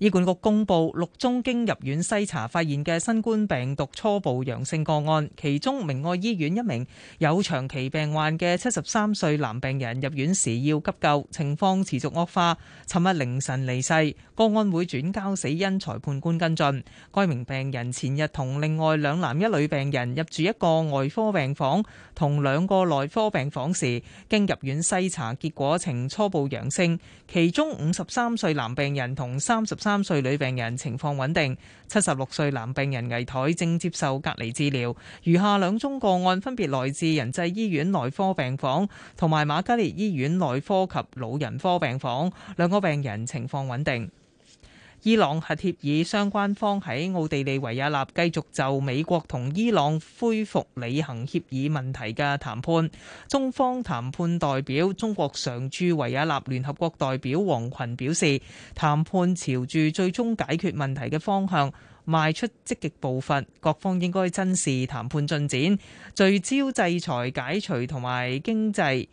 醫管局公布六宗經入院篩查發現嘅新冠病毒初步陽性個案，其中明愛醫院一名有長期病患嘅七十三歲男病人入院時要急救，情況持續惡化，尋日凌晨離世。個案會轉交死因裁判官跟進。該名病人前日同另外兩男一女病人入住一個外科病房同兩個內科病房時，經入院篩查結果呈初步陽性，其中五十三歲男病人同三十三。三歲女病人情況穩定，七十六歲男病人危殆，正接受隔離治療。餘下兩宗個案分別來自仁濟醫院內科病房同埋瑪嘉烈醫院內科及老人科病房，兩個病人情況穩定。伊朗核協議相關方喺奧地利維也納繼續就美國同伊朗恢復履行協議問題嘅談判。中方談判代表、中國常駐維也納聯合國代表王群表示，談判朝住最終解決問題嘅方向邁出積極步伐，各方應該珍視談判進展，聚焦制裁解除同埋經濟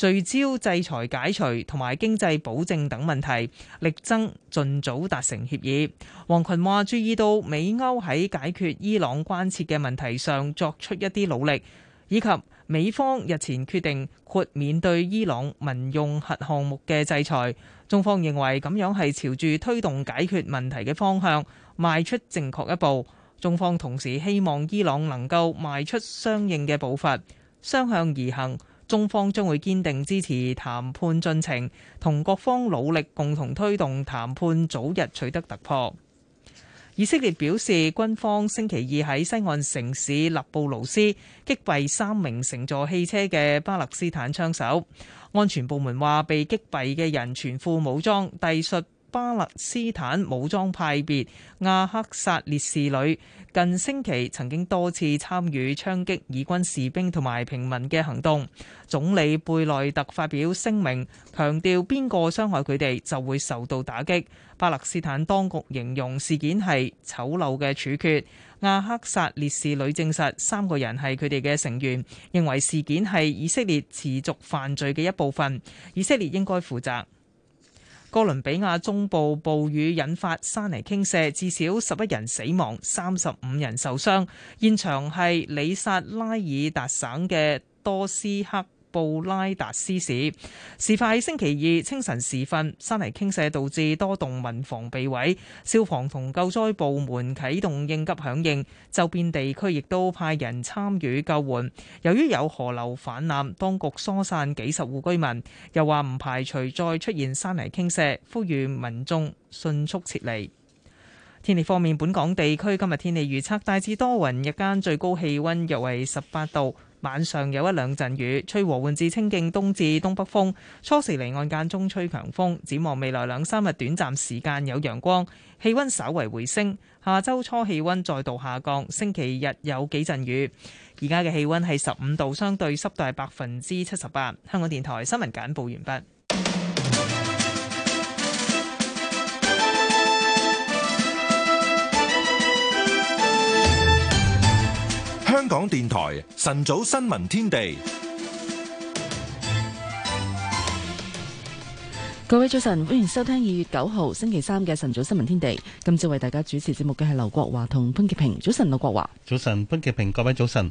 聚焦制裁解除同埋經濟保證等問題，力爭盡早達成協議，王群話注意到美歐喺解決伊朗關切嘅問題上作出一啲努力，以及美方日前決定豁免對伊朗民用核項目嘅制裁，中方認為咁樣，係朝住推動解決問題嘅方向邁出正確一步。中方同時希望伊朗能夠邁出相應嘅步伐，雙向而行。中方將會堅定支持談判進程，同各方努力共同推動談判早日取得突破。以色列表示，軍方星期二喺西岸城市納布盧斯擊斃三名乘坐汽車嘅巴勒斯坦槍手。安全部門話，被擊斃嘅人全副武裝，帶術。巴勒斯坦武裝派別亞克薩烈士旅近星期曾經多次參與槍擊以軍士兵同埋平民嘅行動，總理貝內特發表聲明，強調邊個傷害佢哋就會受到打擊。巴勒斯坦當局形容事件係醜陋嘅處決。亞克薩烈士旅證實三個人係佢哋嘅成員，認為事件係以色列持續犯罪嘅一部分，以色列應該負責。哥倫比亞中部暴雨引發山泥傾瀉，至少十一人死亡，三十五人受傷。現場係里薩拉爾達省嘅多斯克布拉達斯市，事發喺星期二清晨時分，山泥傾瀉導致多棟民房被毀，消防同救災部門啟動應急響應，周邊地區亦都派人參與救援。由於有河流泛濫，當局疏散幾十戶居民，又話唔排除再出現山泥傾瀉，呼籲民眾迅速撤離。天氣方面，本港地區今日天氣預測大致多雲，日間最高氣温約為十八度。晚上有一兩陣雨，吹和緩至清勁東至東北風。初時離岸間中吹強風，展望未來兩三日短暫時間有陽光，氣温稍為回升。下周初氣温再度下降，星期日有幾陣雨。而家嘅氣温係十五度，相對濕度係百分之七十八。香港電台新聞簡報完畢。香港電台晨早新聞天地，各位早晨，歡迎收聽二月九號星期三嘅晨早新聞天地。今次為大家主持節目嘅係劉國華同潘潔平。早晨，劉國華。早晨，潘潔平。各位早晨。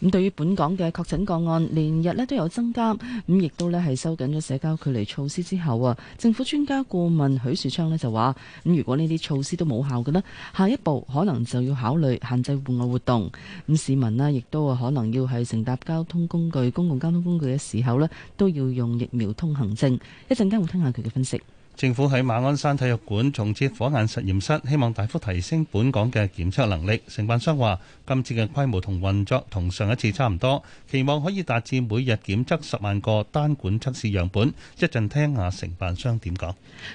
咁、嗯、對於本港嘅確診個案，連日咧都有增加，咁、嗯、亦都咧係收緊咗社交距離措施之後啊，政府專家顧問許樹昌咧就話：咁、嗯、如果呢啲措施都冇效嘅咧，下一步可能就要考慮限制戶外活動。咁、嗯、市民咧亦都可能要係乘搭交通工具、公共交通工具嘅時候咧，都要用疫苗通行證。一陣間會聽下佢嘅分析。政府喺馬鞍山體育館重設火眼實驗室，希望大幅提升本港嘅檢測能力。承辦商話今次嘅規模同運作同上一次差唔多，期望可以達至每日檢測十萬個單管測試樣本。一陣聽下承辦商點講。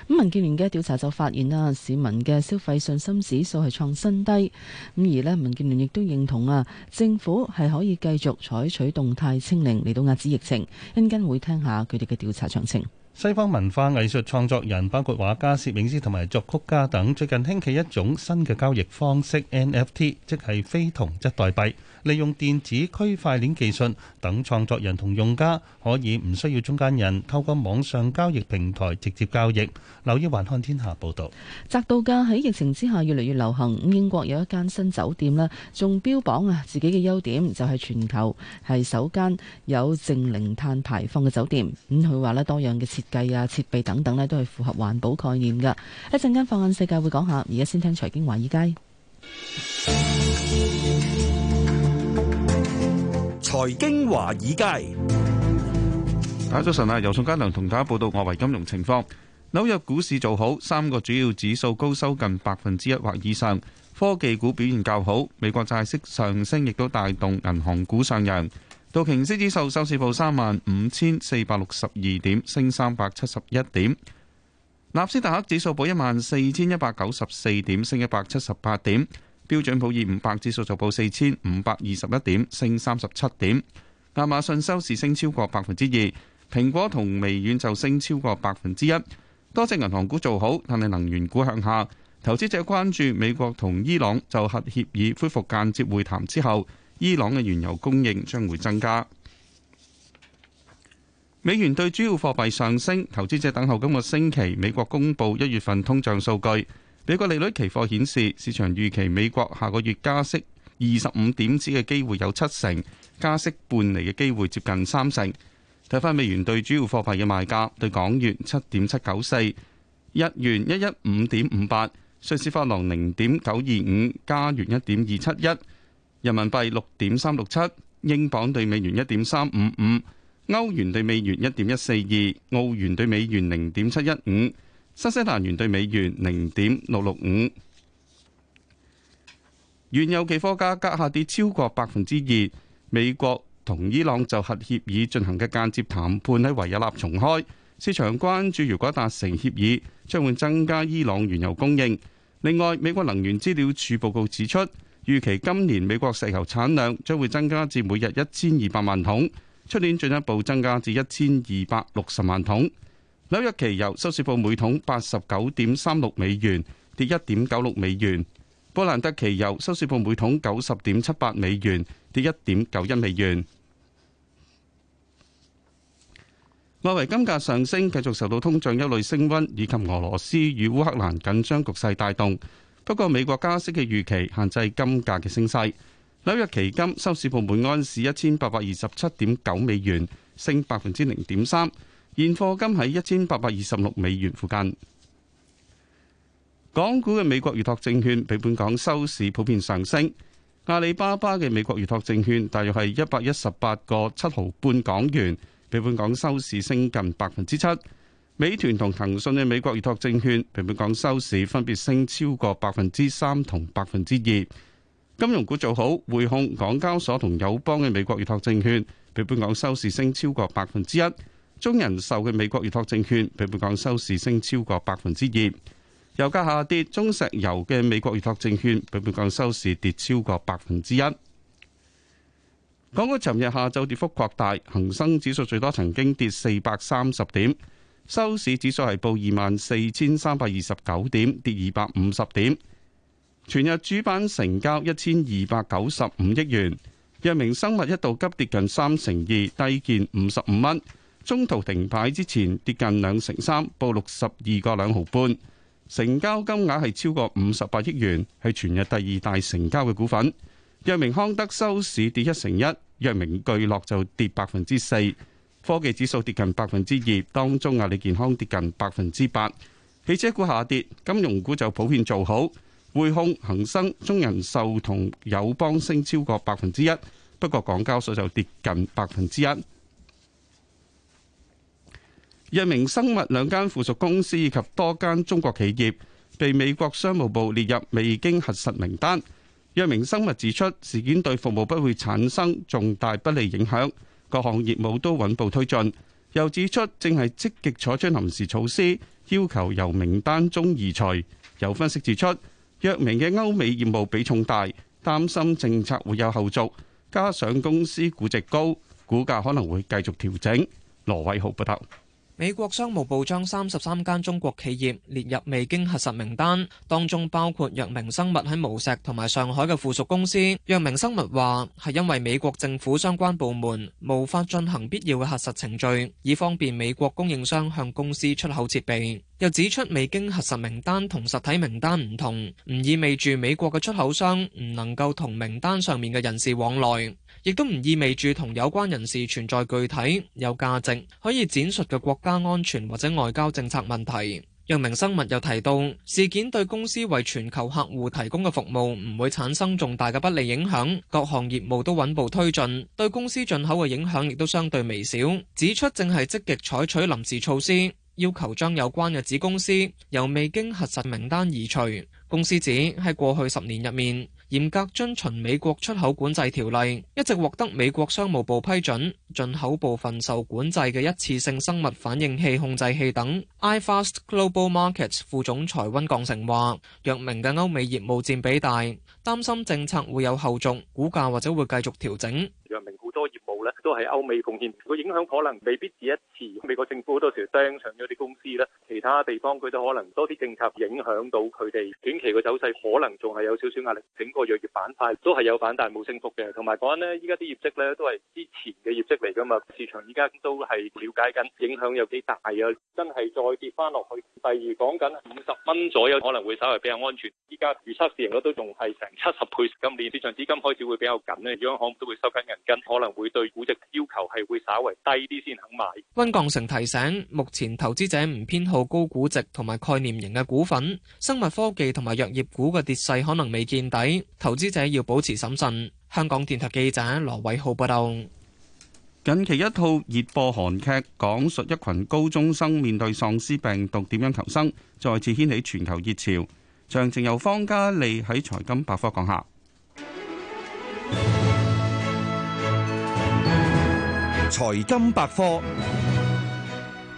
咁民建聯嘅調查就發現啦，市民嘅消費信心指數係創新低。咁而咧，民建聯亦都認同啊，政府係可以繼續採取動態清零嚟到壓止疫情。陣間會聽下佢哋嘅調查詳情。西方文化藝術創作人，包括畫家、攝影師同埋作曲家等，最近興起一種新嘅交易方式 NFT，即係非同質代幣。利用電子區塊鏈技術等，創作人同用家可以唔需要中間人，透過網上交易平台直接交易。留意環看天下報道，宅度假喺疫情之下越嚟越流行。英國有一間新酒店咧，仲標榜啊自己嘅優點就係全球係首間有淨零碳排放嘅酒店。咁佢話咧，多樣嘅設計啊、設備等等咧，都係符合環保概念嘅。一陣間放眼世界會講下，而家先聽財經華爾街。財經華爾街，大家早晨啊！由宋嘉良同大家報道外圍金融情況。紐約股市做好，三個主要指數高收近百分之一或以上。科技股表現較好，美國債息上升亦都帶動銀行股上揚。道瓊斯指數收市報三萬五千四百六十二點，升三百七十一點。納斯達克指數報一萬四千一百九十四點，升一百七十八點。標準普爾五百指數就報四千五百二十一點，升三十七點。亞馬遜收市升超過百分之二，蘋果同微軟就升超過百分之一。多隻銀行股做好，但係能源股向下。投資者關注美國同伊朗就核協議恢復間接會談之後，伊朗嘅原油供應將會增加。美元對主要貨幣上升，投資者等候今個星期美國公布一月份通脹數據。美國利率期貨顯示，市場預期美國下個月加息二十五點子嘅機會有七成，加息半厘嘅機會接近三成。睇返美元對主要貨幣嘅賣價，對港元七點七九四，日元一一五點五八，瑞士法郎零點九二五，加元一點二七一，人民幣六點三六七，英鎊對美元一點三五五，歐元對美元一點一四二，澳元對美元零點七一五。新西蘭元兌美元零點六六五，原油期貨價格下跌超過百分之二。美國同伊朗就核協議進行嘅間接談判喺維也納重開，市場關注如果達成協議，將會增加伊朗原油供應。另外，美國能源資料處報告指出，預期今年美國石油產量將會增加至每日一千二百萬桶，出年進一步增加至一千二百六十萬桶。紐約期油收市報每桶八十九點三六美元，跌一點九六美元。波蘭德期油收市報每桶九十點七八美元，跌一點九一美元。外圍金價上升，繼續受到通脹憂慮升溫以及俄羅斯與烏克蘭緊張局勢帶動。不過美國加息嘅預期限制金價嘅升勢。紐約期金收市報每安士一千八百二十七點九美元，升百分之零點三。現貨金喺一千八百二十六美元附近。港股嘅美國預託證券比本港收市普遍上升。阿里巴巴嘅美國預託證券大約係一百一十八個七毫半港元，比本港收市升近百分之七。美團同騰訊嘅美國預託證券比本港收市分別升超過百分之三同百分之二。金融股做好匯控、港交所同友邦嘅美國預託證券比本港收市升超過百分之一。中人壽嘅美國預託證券，比本港收市升超過百分之二；油價下跌，中石油嘅美國預託證券比本港收市跌超過百分之一。港股尋日下晝跌幅擴大，恒生指數最多曾經跌四百三十點，收市指數係報二萬四千三百二十九點，跌二百五十點。全日主板成交一千二百九十五億元。藥明生物一度急跌近三成二，低見五十五蚊。中途停牌之前跌近兩成三，報六十二個兩毫半，成交金額係超過五十八億元，係全日第二大成交嘅股份。藥明康德收市跌一成一，藥明巨諾就跌百分之四，科技指數跌近百分之二，當中阿里健康跌近百分之八，汽車股下跌，金融股就普遍做好，匯控、恒生、中人壽同友邦升超過百分之一，不過港交所就跌近百分之一。藥明生物兩間附屬公司以及多間中國企業被美國商務部列入未經核實名單。藥明生物指出，事件對服務不會產生重大不利影響，各項業務都穩步推進。又指出正係積極採取臨時措施，要求由名單中移除。有分析指出，藥明嘅歐美業務比重大，擔心政策會有後續，加上公司估值高，股價可能會繼續調整。羅偉豪報道。美國商務部將三十三間中國企業列入未經核實名單，當中包括藥明生物喺無錫同埋上海嘅附屬公司。藥明生物話，係因為美國政府相關部門無法進行必要嘅核實程序，以方便美國供應商向公司出口設備。又指出，未經核實名單同實體名單唔同，唔意味住美國嘅出口商唔能夠同名單上面嘅人士往來。亦都唔意味住同有關人士存在具體有價值可以展述嘅國家安全或者外交政策問題。藥明生物又提到，事件對公司為全球客戶提供嘅服務唔會產生重大嘅不利影響，各項業務都穩步推進，對公司進口嘅影響亦都相對微小。指出正係積極採取臨時措施，要求將有關嘅子公司由未經核實名單移除。公司指喺過去十年入面，嚴格遵循美國出口管制條例，一直獲得美國商務部批准進口部分受管制嘅一次性生物反應器控制器等。iFast Global Markets 副總裁温鋼成話：藥明嘅歐美業務佔比大，擔心政策會有後續，股價或者會繼續調整。藥明好多業都係歐美貢獻，個影響可能未必止一次。美國政府好多時釘上咗啲公司咧，其他地方佢都可能多啲政策影響到佢哋。短期嘅走勢可能仲係有少少壓力，整個藥業板塊都係有反彈冇升幅嘅。同埋講緊呢，依家啲業績咧都係之前嘅業績嚟㗎嘛，市場依家都係了解緊影響有幾大啊！真係再跌翻落去。第二講緊五十蚊左右可能會稍微比較安全。依家預測市盈率都仲係成七十倍，今年市場資金開始會比較緊呢，央行都會收緊銀根，可能會對。估值要求係會稍為低啲先肯買。温鋼成提醒，目前投資者唔偏好高估值同埋概念型嘅股份，生物科技同埋藥業股嘅跌勢可能未見底，投資者要保持審慎。香港電台記者羅偉浩報道。近期一套熱播韓劇講述一群高中生面對喪屍病毒點樣求生，再次掀起全球熱潮。詳情由方嘉利喺財金百科講下。 財金百科。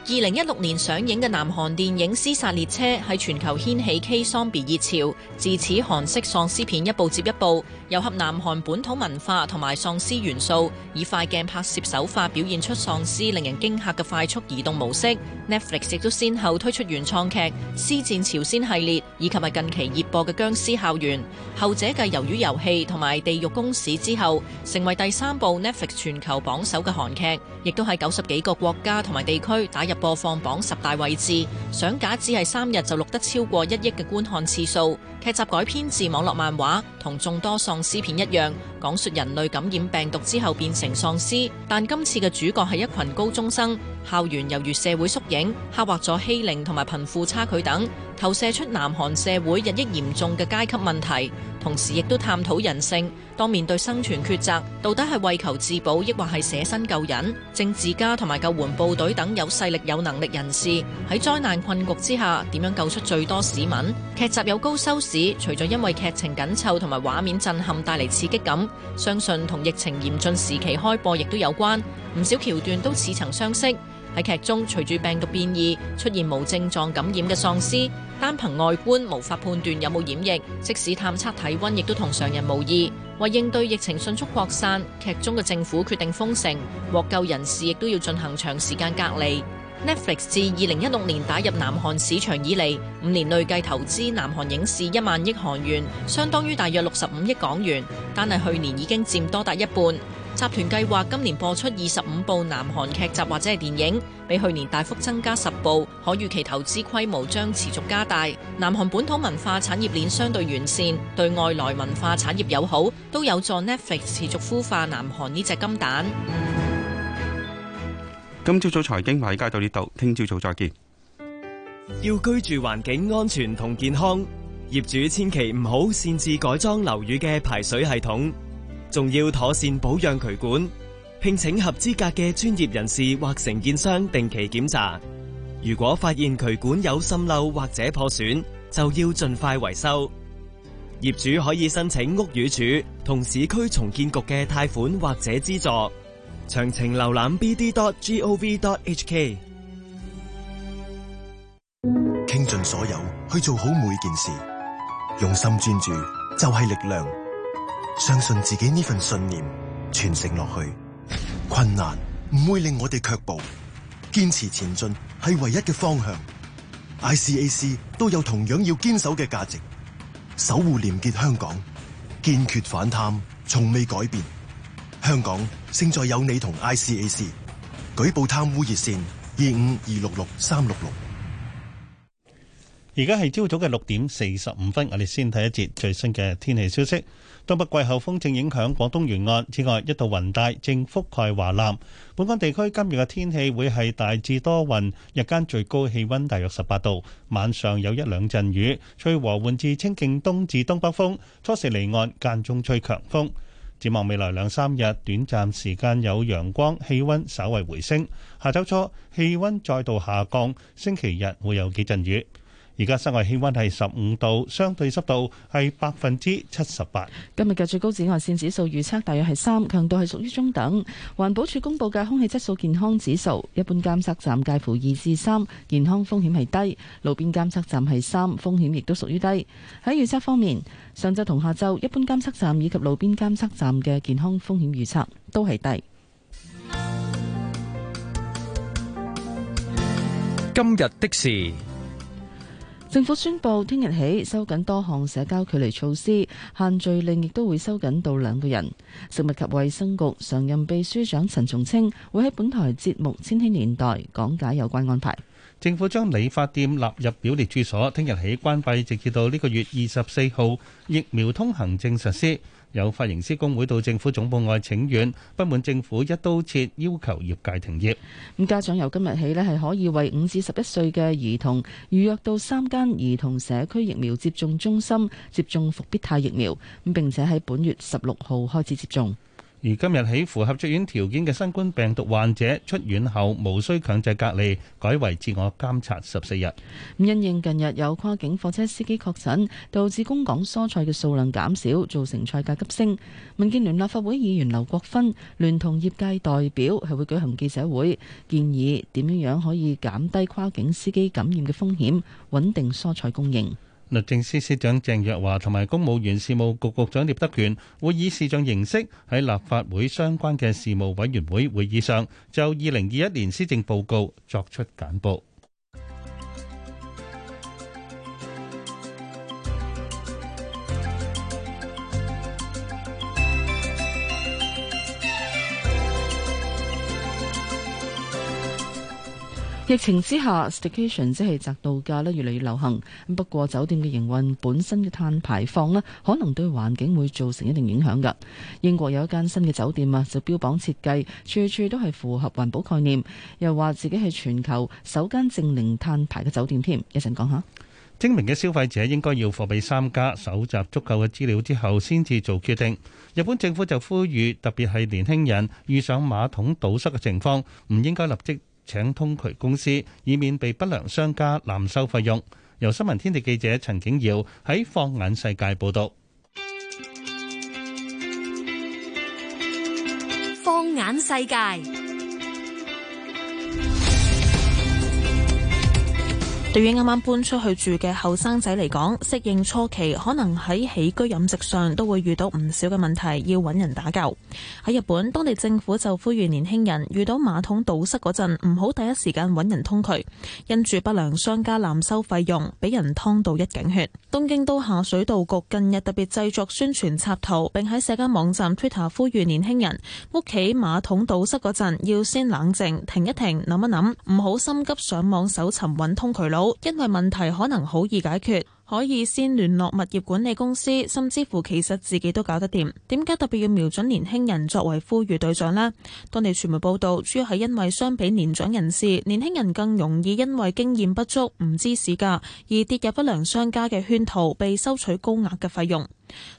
二零一六年上映嘅南韓電影《屍殺列車》喺全球掀起 K Zombie 熱潮，自此韓式喪屍片一部接一部，糅合南韓本土文化同埋喪屍元素，以快鏡拍攝手法表現出喪屍令人驚嚇嘅快速移動模式。Netflix 亦都先後推出原創劇《屍戰朝鮮》系列，以及喺近期熱播嘅《殭屍校園》，後者繼《魷魚遊戲》同埋《地獄公使》之後，成為第三部 Netflix 全球榜首嘅韓劇，亦都喺九十幾個國家同埋地區打入。播放榜十大位置，上架只係三日就錄得超過一億嘅觀看次數。劇集改編自網絡漫畫，同眾多喪屍片一樣，講述人類感染病毒之後變成喪屍，但今次嘅主角係一群高中生。校園猶如社會縮影，刻畫咗欺凌同埋貧富差距等，投射出南韓社會日益嚴重嘅階級問題。同時亦都探討人性，當面對生存抉擇，到底係為求自保，抑或係捨身救人？政治家同埋救援部隊等有勢力有能力人士喺災難困局之下，點樣救出最多市民？劇集有高收視，除咗因為劇情緊湊同埋畫面震撼帶嚟刺激感，相信同疫情嚴峻時期開播亦都有關。唔少橋段都似曾相識。喺劇中，隨住病毒變異，出現無症狀感染嘅喪屍，單憑外觀無法判斷有冇染疫，即使探測體溫，亦都同常人無異。為應對疫情迅速擴散，劇中嘅政府決定封城，獲救人士亦都要進行長時間隔離。Netflix 自二零一六年打入南韓市場以嚟，五年累計投資南韓影視一萬億韓元，相當於大約六十五億港元，但係去年已經佔多達一半。集團計劃今年播出二十五部南韓劇集或者係電影，比去年大幅增加十部，可預期投資規模將持續加大。南韓本土文化產業鏈相對完善，對外來文化產業友好，都有助 Netflix 持續孵化南韓呢隻金蛋。今朝早財經買街到呢度，聽朝早再見。要居住環境安全同健康，業主千祈唔好擅自改裝樓宇嘅排水系統。仲要妥善保養渠管，聘請合資格嘅專業人士或承建商定期檢查。如果發現渠管有滲漏或者破損，就要盡快維修。業主可以申請屋宇署同市區重建局嘅貸款或者資助。詳情瀏覽 bd.gov.hk。傾盡所有，去做好每件事，用心專注就係、是、力量。相信自己呢份信念傳承落去，困難唔會令我哋卻步，堅持前進係唯一嘅方向。ICAC 都有同樣要堅守嘅價值，守護廉潔香港，堅決反貪，從未改變。香港勝在有你同 ICAC，舉報貪污熱線二五二六六三六六。而家係朝早嘅六點四十五分，我哋先睇一節最新嘅天氣消息。東北季候風正影響廣東沿岸，此外一道雲帶正覆蓋華南。本港地區今日嘅天氣會係大致多雲，日間最高氣溫大約十八度，晚上有一兩陣雨。吹和緩至清勁東至東北風，初時離岸，間中吹強風，展望未來兩三日，短暫時間有陽光，氣溫稍為回升。下周初氣溫再度下降，星期日會有幾陣雨。而家室外氣溫係十五度，相對濕度係百分之七十八。今日嘅最高紫外線指數預測大約係三，強度係屬於中等。環保署公布嘅空氣質素健康指數，一般監測站介乎二至三，健康風險係低；路邊監測站係三，風險亦都屬於低。喺預測方面，上晝同下晝，一般監測站以及路邊監測站嘅健康風險預測都係低。今日的事。政府宣布，聽日起收緊多項社交距離措施，限聚令亦都會收緊到兩個人。食物及衛生局常任秘書長陳松青會喺本台節目《千禧年代》講解有關安排。政府將理髮店納入表列處所，聽日起關閉，直至到呢個月二十四號疫苗通行證實施。有髮型師公會到政府總部外請願，不滿政府一刀切，要求業界停業。咁家長由今日起咧，係可以為五至十一歲嘅兒童預約到三間兒童社區疫苗接種中心接種復必泰疫苗，咁並且喺本月十六號開始接種。而今日起，符合出院條件嘅新冠病毒患者出院後，無需強制隔離，改為自我監察十四日。咁因應近日有跨境貨車司機確診，導致供港蔬菜嘅數量減少，造成菜價急升。民建聯立法會議員劉國芬聯同業界代表係會舉行記者會，建議點樣樣可以減低跨境司機感染嘅風險，穩定蔬菜供應。律政司司長鄭若驊同埋公務員事務局局長聶德權會以視像形式喺立法會相關嘅事務委員會會議上就二零二一年施政報告作出簡報。疫情之下，staycation 即係宅度假越嚟越流行。不過酒店嘅營運本身嘅碳排放咧，可能對環境會造成一定影響噶。英國有一間新嘅酒店啊，就標榜設計處處都係符合環保概念，又話自己係全球首間淨零碳排嘅酒店添。講一陣講下，精明嘅消費者應該要貨比三家，搜集足夠嘅資料之後先至做決定。日本政府就呼籲，特別係年輕人，遇上馬桶堵塞嘅情況，唔應該立即。請通渠公司，以免被不良商家濫收費用。由新聞天地記者陳景耀喺放眼世界報道。放眼世界。報對於啱啱搬出去住嘅後生仔嚟講，適應初期可能喺起居飲食上都會遇到唔少嘅問題，要揾人打救。喺日本，當地政府就呼籲年輕人遇到馬桶堵塞嗰陣，唔好第一時間揾人通渠，因住不良商家濫收費用，俾人劏到一頸血。東京都下水道局近日特別製作宣傳插圖，並喺社交網站 Twitter 呼籲年輕人，屋企馬桶堵塞嗰陣要先冷靜，停一停，諗一諗，唔好心急上網搜尋揾通渠佬。因為問題可能好易解決，可以先聯絡物業管理公司，甚至乎其實自己都搞得掂。點解特別要瞄準年輕人作為呼籲對象呢？當地傳媒報道，主要係因為相比年長人士，年輕人更容易因為經驗不足、唔知市價而跌入不良商家嘅圈套，被收取高額嘅費用。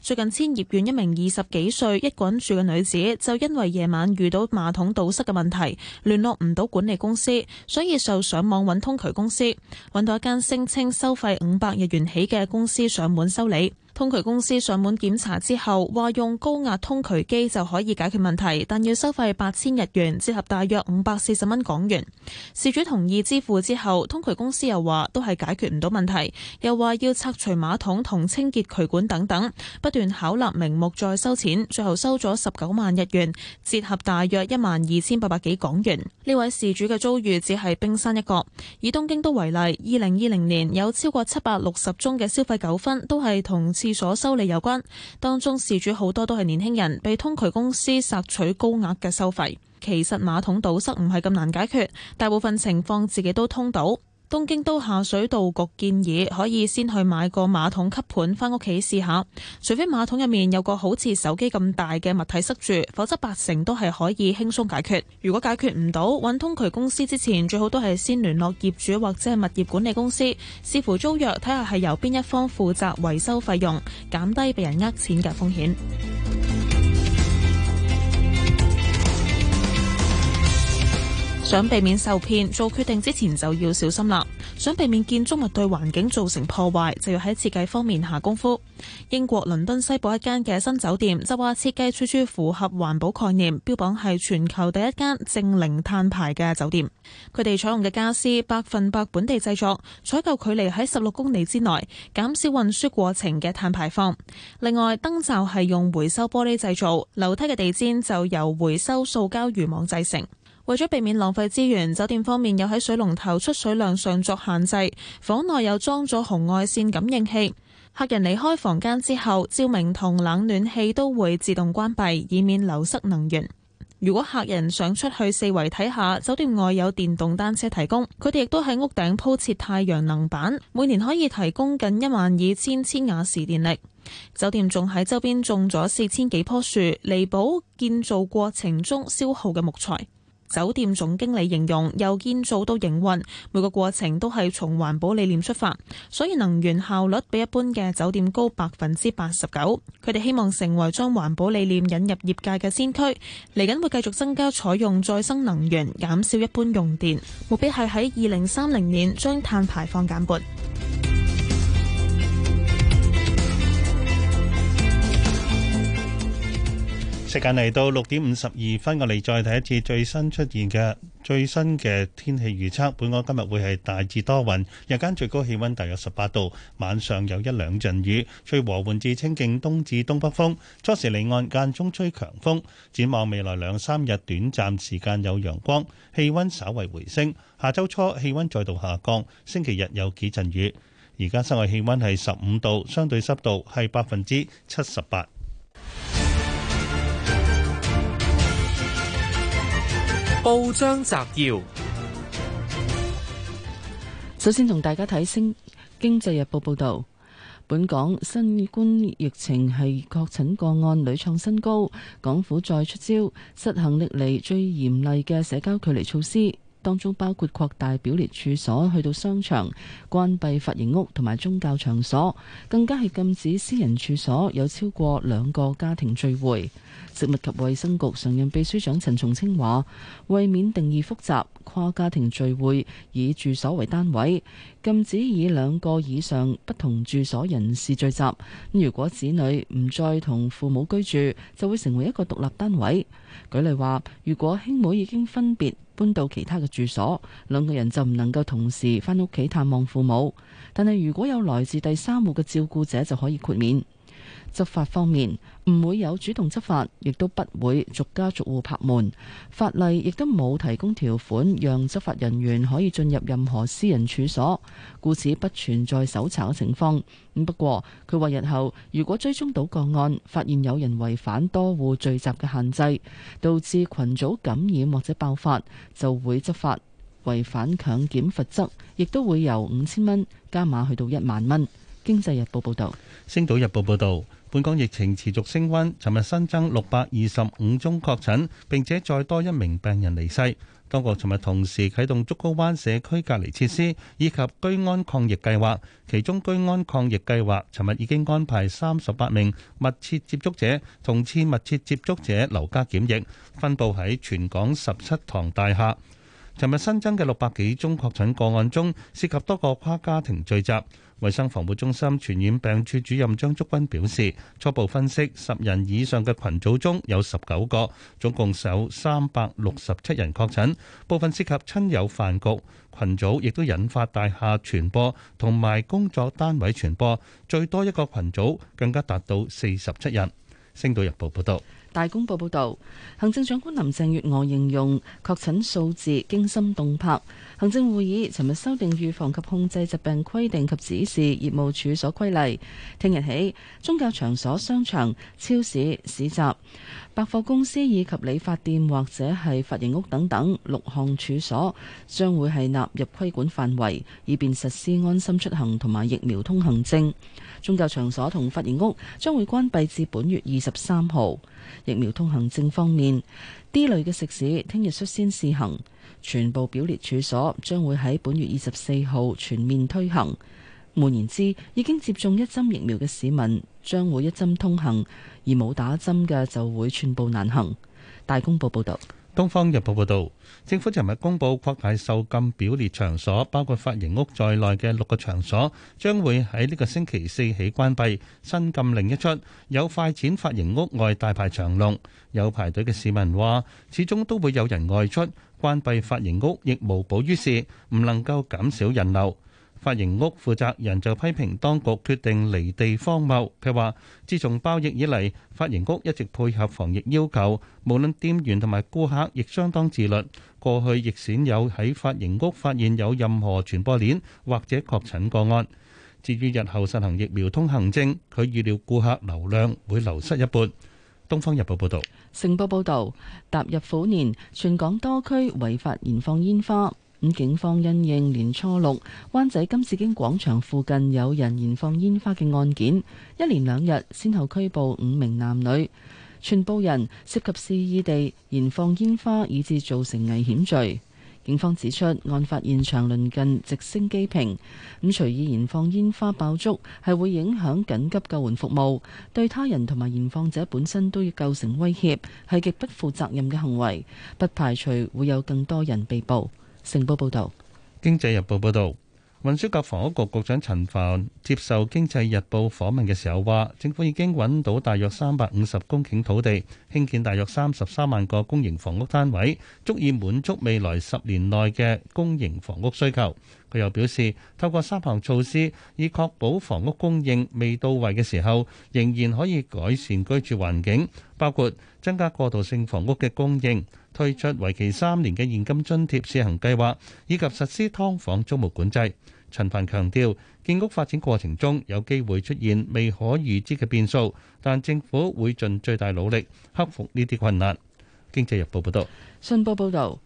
最近千葉縣一名二十幾歲一個人住嘅女子，就因為夜晚遇到馬桶堵塞嘅問題，聯絡唔到管理公司，所以就上網揾通渠公司，揾到一間聲稱收費五百日元起嘅公司上門修理。通渠公司上門檢查之後，話用高壓通渠機就可以解決問題，但要收費八千日元，折合大約五百四十蚊港元。事主同意支付之後，通渠公司又話都係解決唔到問題，又話要拆除馬桶同清潔渠管等等，不斷巧立名目再收錢，最後收咗十九萬日元，折合大約一萬二千八百幾港元。呢位事主嘅遭遇只係冰山一角，以東京都為例，二零二零年有超過七百六十宗嘅消費糾紛，都係同廁所修理有關，當中事主好多都係年輕人，被通渠公司索取高額嘅收費。其實馬桶堵塞唔係咁難解決，大部分情況自己都通到。東京都下水道局建議，可以先去買個馬桶吸盤返屋企試下，除非馬桶入面有個好似手機咁大嘅物體塞住，否則八成都係可以輕鬆解決。如果解決唔到，搵通渠公司之前，最好都係先聯絡業主或者係物業管理公司，視乎租約睇下係由邊一方負責維修費用，減低被人呃錢嘅風險。想避免受騙，做決定之前就要小心啦。想避免建築物對環境造成破壞，就要喺設計方面下功夫。英國倫敦西部一間嘅新酒店就話，設計處處符合環保概念，標榜係全球第一間正零碳排嘅酒店。佢哋採用嘅家私百分百本地製作，採購距離喺十六公里之內，減少運輸過程嘅碳排放。另外，燈罩係用回收玻璃製造，樓梯嘅地氈就由回收塑膠漁網製成。為咗避免浪費資源，酒店方面又喺水龍頭出水量上作限制，房內又裝咗紅外線感應器，客人離開房間之後，照明同冷暖氣都會自動關閉，以免流失能源。如果客人想出去四圍睇下，酒店外有電動單車提供。佢哋亦都喺屋頂鋪設太陽能板，每年可以提供近一萬二千千瓦時電力。酒店仲喺周邊種咗四千幾棵樹，彌補建造過程中消耗嘅木材。酒店總經理形容，由建造到營運每個過程都係從環保理念出發，所以能源效率比一般嘅酒店高百分之八十九。佢哋希望成為將環保理念引入業界嘅先驅，嚟緊會繼續增加採用再生能源，減少一般用電，目標係喺二零三零年將碳排放減半。時間嚟到六點五十二分，我哋再睇一次最新出現嘅最新嘅天氣預測。本港今日會係大致多雲，日間最高氣溫大約十八度，晚上有一兩陣雨，吹和緩至清勁東至東北風。初時離岸間中吹強風。展望未來兩三日短暫時間有陽光，氣溫稍為回升。下週初氣溫再度下降，星期日有幾陣雨。而家室外氣溫係十五度，相對濕度係百分之七十八。報章摘要：首先同大家睇《星經濟日報》報道，本港新冠疫情係確診個案屢創新高，港府再出招，實行歷嚟最嚴厲嘅社交距離措施。當中包括擴大表列處所，去到商場、關閉髮型屋同埋宗教場所，更加係禁止私人處所有超過兩個家庭聚會。食物及衛生局常任秘書長陳松青話，為免定義複雜，跨家庭聚會以住所為單位，禁止以兩個以上不同住所人士聚集。如果子女唔再同父母居住，就會成為一個獨立單位。舉例話，如果兄妹已經分別搬到其他嘅住所，兩個人就唔能夠同時返屋企探望父母。但係如果有來自第三戶嘅照顧者，就可以豁免。執法方面唔會有主動執法，亦都不會逐家逐戶拍門。法例亦都冇提供條款讓執法人員可以進入任何私人處所，故此不存在搜查嘅情況。嗯，不過佢話日後如果追蹤到個案，發現有人違反多戶聚集嘅限制，導致群組感染或者爆發，就會執法。違反強檢罰則，亦都會由五千蚊加碼去到一萬蚊。經濟日報報道，星島日報報道。本港疫情持續升溫，尋日新增六百二十五宗確診，並且再多一名病人離世。多個尋日同時啟動竹篙灣社區隔離設施以及居安抗疫計劃，其中居安抗疫計劃尋日已經安排三十八名密切接觸者同次密切接觸者留家檢疫，分佈喺全港十七堂大廈。尋日新增嘅六百幾宗確診個案中，涉及多個跨家庭聚集。衛生防護中心傳染病處主任張竹君表示，初步分析十人以上嘅群組中有十九個，總共有三百六十七人確診，部分涉及親友飯局群組，亦都引發大廈傳播同埋工作單位傳播，最多一個群組更加達到四十七人。星島日報報道。大公報報導，行政長官林鄭月娥形容確診數字驚心動魄。行政會議尋日修訂預防及控制疾病規定及指示，業務處所規例，聽日起宗教場所、商場、超市、市集、百貨公司以及理髮店或者係髮型屋等等六項處所將會係納入規管範圍，以便實施安心出行同埋疫苗通行證。宗教場所同髮型屋將會關閉至本月二十三號。疫苗通行證方面，D 類嘅食肆聽日率先試行，全部表列處所將會喺本月二十四號全面推行。換言之，已經接種一針疫苗嘅市民將會一針通行，而冇打針嘅就會寸步難行。大公報報道。《東方日報》報道，政府尋日公布擴大受禁表列場所，包括髮型屋在內嘅六個場所，將會喺呢個星期四起關閉。新禁令一出，有快剪髮型屋外大排長龍，有排隊嘅市民話，始終都會有人外出，關閉髮型屋亦無補於事，唔能夠減少人流。髮型屋負責人就批評當局決定離地荒謬，佢話：自從爆疫以嚟，髮型屋一直配合防疫要求，無論店員同埋顧客亦相當自律。過去亦鮮有喺髮型屋發現有任何傳播鏈或者確診個案。至於日後實行疫苗通行證，佢預料顧客流量會流失一半。東方日報報道，成報報道，踏入虎年，全港多區違法燃放煙花。咁警方因應年初六灣仔金紫荊廣場附近有人燃放煙花嘅案件，一連兩日先後拘捕五名男女，全部人涉及肆意地燃放煙花，以致造成危險罪。警方指出，案發現場鄰近直升機坪，咁隨意燃放煙花爆竹係會影響緊急救援服務，對他人同埋燃放者本身都要構成威脅，係極不負責任嘅行為。不排除會有更多人被捕。成報報道，《經濟日報》報道，運輸及房屋局局長陳帆接受《經濟日報》訪問嘅時候話，政府已經揾到大約三百五十公頃土地，興建大約三十三萬個公營房屋單位，足以滿足未來十年內嘅公營房屋需求。他又表示，透過三項措施以確保房屋供應未到位嘅時候，仍然可以改善居住環境，包括增加過渡性房屋嘅供應，推出為期三年嘅現金津貼試行計劃，以及實施劏房租務管制。陳凡強調，建屋發展過程中有機會出現未可預知嘅變數，但政府會盡最大努力克服呢啲困難。經濟日報報道。信報報導。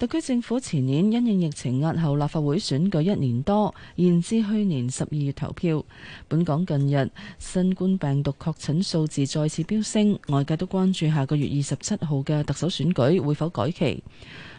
特區政府前年因應疫情押後立法會選舉一年多，延至去年十二月投票。本港近日新冠病毒確診數字再次飆升，外界都關注下個月二十七號嘅特首選舉會否改期。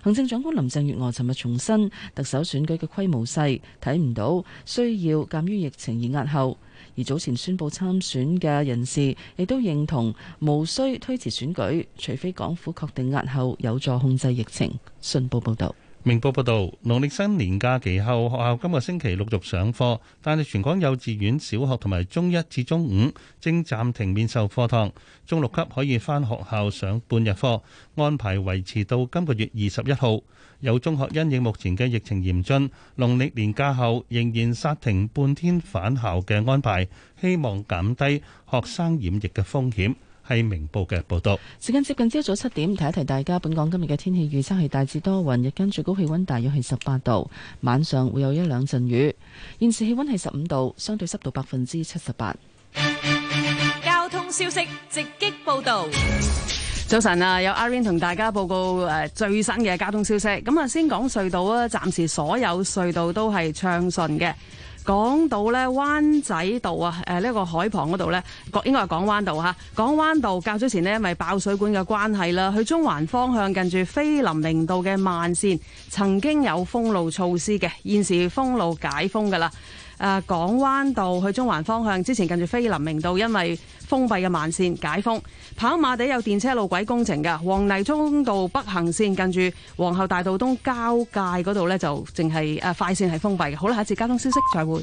行政長官林鄭月娥尋日重申，特首選舉嘅規模細，睇唔到需要鑑於疫情而押後。早前宣布參選嘅人士亦都認同，無需推遲選舉，除非港府確定押後有助控制疫情。信報報道，明報報道，農曆新年假期後，學校今個星期陸續上課，但係全港幼稚園、小學同埋中一至中五正暫停面授課堂，中六級可以返學校上半日課，安排維持到今個月二十一號。有中學因應目前嘅疫情嚴峻，農曆年假後仍然煞停半天返校嘅安排，希望減低學生染疫嘅風險。係明報嘅報道。時間接近朝早七點，提一提大家，本港今日嘅天氣預測係大致多雲，日間最高氣溫大約係十八度，晚上會有一兩陣雨。現時氣溫係十五度，相對濕度百分之七十八。交通消息直擊報道。早晨啊，有阿 r i n e 同大家報告誒、呃、最新嘅交通消息。咁啊，先講隧道啊，暫時所有隧道都係暢順嘅。港島咧，灣仔道啊，誒、呃、呢、這個海旁嗰度咧，應該係港灣道吓、啊，港灣道較早前呢，因咪爆水管嘅關係啦，去中環方向近住菲林明道嘅慢線曾經有封路措施嘅，現時封路解封噶啦。誒、呃，港灣道去中環方向，之前近住菲林明道因為封閉嘅慢線解封，跑馬地有電車路軌工程嘅，黃泥涌道北行線近住皇后大道東交界嗰度呢，就淨係誒快線係封閉嘅。好啦，下次交通消息再會。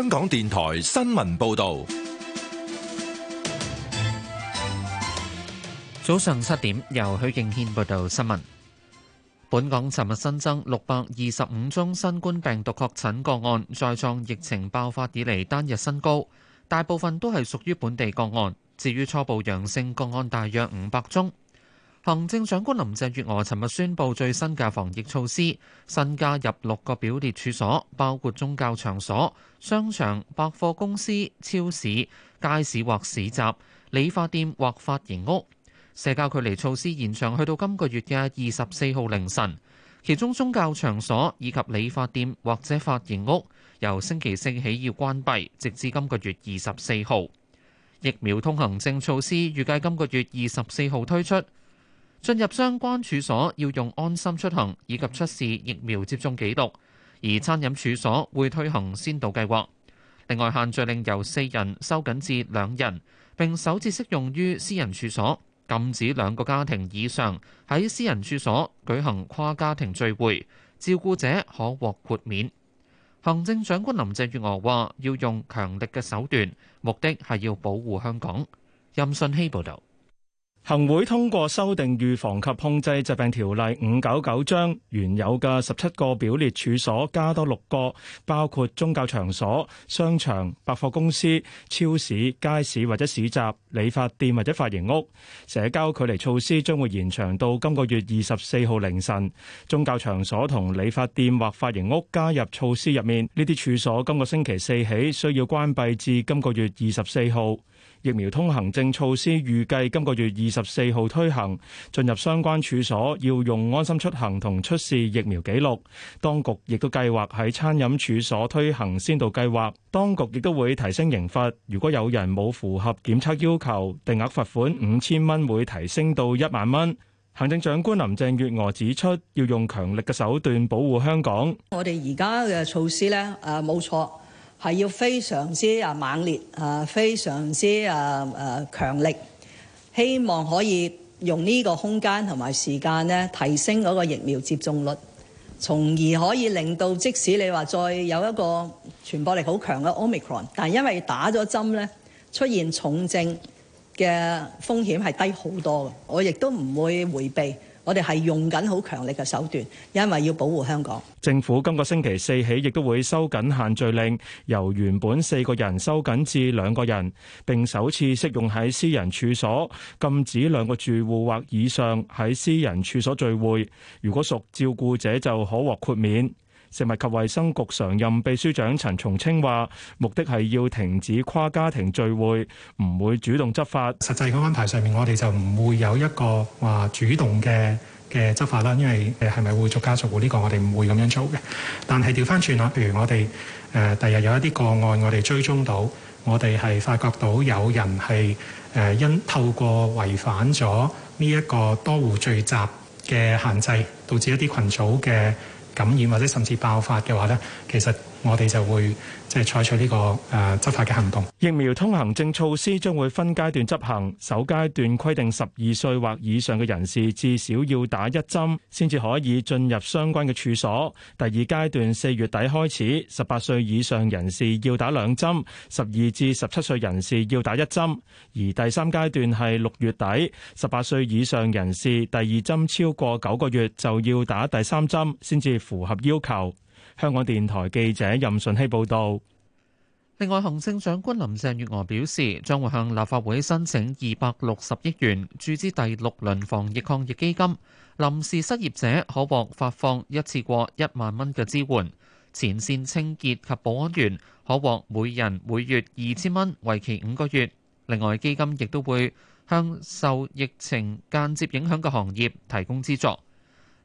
香港電台新聞報道，早上七點，由許敬軒報道新聞。本港尋日新增六百二十五宗新冠病毒確診個案，再創疫情爆發以嚟單日新高。大部分都係屬於本地個案，至於初步陽性個案大約五百宗。行政長官林鄭月娥尋日宣布最新嘅防疫措施，新加入六個表列處所，包括宗教場所、商場、百貨公司、超市、街市或市集、理髮店或髮型屋。社交距離措施延長去到今個月嘅二十四號凌晨。其中宗教場所以及理髮店或者髮型屋由星期四起要關閉，直至今個月二十四號。疫苗通行證措施預計今個月二十四號推出。進入相關處所要用安心出行以及出示疫苗接種記錄，而餐飲處所會推行先導計劃。另外，限聚令由四人收緊至兩人，並首次適用於私人處所，禁止兩個家庭以上喺私人處所舉行跨家庭聚會。照顧者可獲豁免。行政長官林鄭月娥話：要用強力嘅手段，目的係要保護香港。任信希報導。行會通過修訂預防及控制疾病條例五九九章，原有嘅十七個表列處所加多六個，包括宗教場所、商場、百貨公司、超市、街市或者市集、理髮店或者髮型屋。社交距離措施將會延長到今個月二十四號凌晨。宗教場所同理髮店或髮型屋加入措施入面，呢啲處所今個星期四起需要關閉至今個月二十四號。疫苗通行證措施預計今個月二十四號推行，進入相關處所要用安心出行同出示疫苗記錄，當局亦都計劃喺餐飲處所推行先導計劃，當局亦都會提升刑罰，如果有人冇符合檢測要求，定額罰款五千蚊會提升到一萬蚊。行政長官林鄭月娥指出，要用強力嘅手段保護香港。我哋而家嘅措施咧，誒冇錯。係要非常之啊猛烈啊，非常之啊啊、呃呃、強力，希望可以用呢個空間同埋時間呢，提升嗰個疫苗接種率，從而可以令到即使你話再有一個傳播力好強嘅 Omicron，但係因為打咗針呢，出現重症嘅風險係低好多嘅。我亦都唔會迴避。我哋係用緊好強力嘅手段，因為要保護香港。政府今個星期四起，亦都會收緊限聚令，由原本四個人收緊至兩個人，並首次適用喺私人處所，禁止兩個住戶或以上喺私人處所聚會。如果屬照顧者，就可獲豁免。食物及衛生局常任秘書長陳松青話：目的係要停止跨家庭聚會，唔會主動執法。實際嘅安排上面，我哋就唔會有一個話主動嘅嘅執法啦，因為誒係咪會逐家逐戶呢個？我哋唔會咁樣做嘅。但係調翻轉啦，譬如我哋誒第日有一啲個案，我哋追蹤到，我哋係發覺到有人係誒因透過違反咗呢一個多戶聚集嘅限制，導致一啲群組嘅。感染或者甚至爆發嘅話，咧，其實我哋就會。即係採取呢個誒執法嘅行動。疫苗通行證措施將會分階段執行。首階段規定十二歲或以上嘅人士至少要打一針，先至可以進入相關嘅處所。第二階段四月底開始，十八歲以上人士要打兩針，十二至十七歲人士要打一針。而第三階段係六月底，十八歲以上人士第二針超過九個月就要打第三針，先至符合要求。香港電台記者任順熙報道。另外，行政長官林鄭月娥表示，將會向立法會申請二百六十億元注資第六輪防疫抗疫基金。臨時失業者可獲發放一次過一萬蚊嘅支援，前線清潔及保安員可獲每人每月二千蚊，為期五個月。另外，基金亦都會向受疫情間接影響嘅行業提供資助。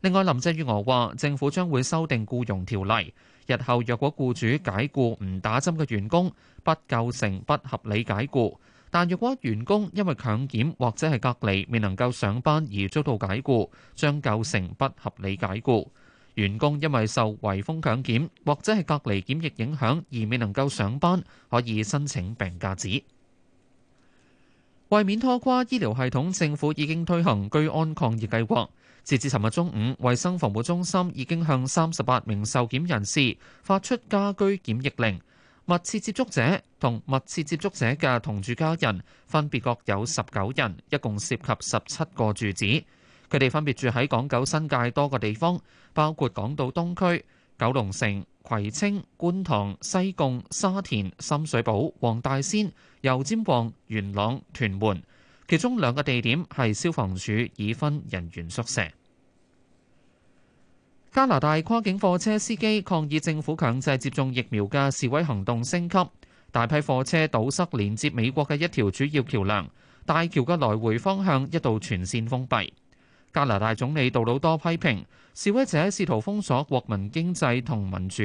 另外，林鄭月娥話：政府將會修訂僱傭條例，日後若果雇主解雇唔打針嘅員工，不構成不合理解雇；但若果員工因為強檢或者係隔離未能夠上班而遭到解雇，將構成不合理解雇。員工因為受圍封強檢或者係隔離檢疫影響而未能夠上班，可以申請病假紙。為免拖垮醫療系統，政府已經推行居安抗疫計劃。截至尋日中午，衞生防護中心已經向三十八名受檢人士發出家居檢疫令，密切接觸者同密切接觸者嘅同住家人分別各有十九人，一共涉及十七個住址。佢哋分別住喺港九新界多個地方，包括港島東區、九龍城、葵青、觀塘、西貢、沙田、深水埗、黃大仙、油尖旺、元朗、屯門。其中兩個地點係消防署已婚人員宿舍。加拿大跨境貨車司機抗議政府強制接種疫苗嘅示威行動升級，大批貨車堵塞連接美國嘅一條主要橋梁，大橋嘅來回方向一度全線封閉。加拿大總理杜魯多批評示威者試圖封鎖國民經濟同民主，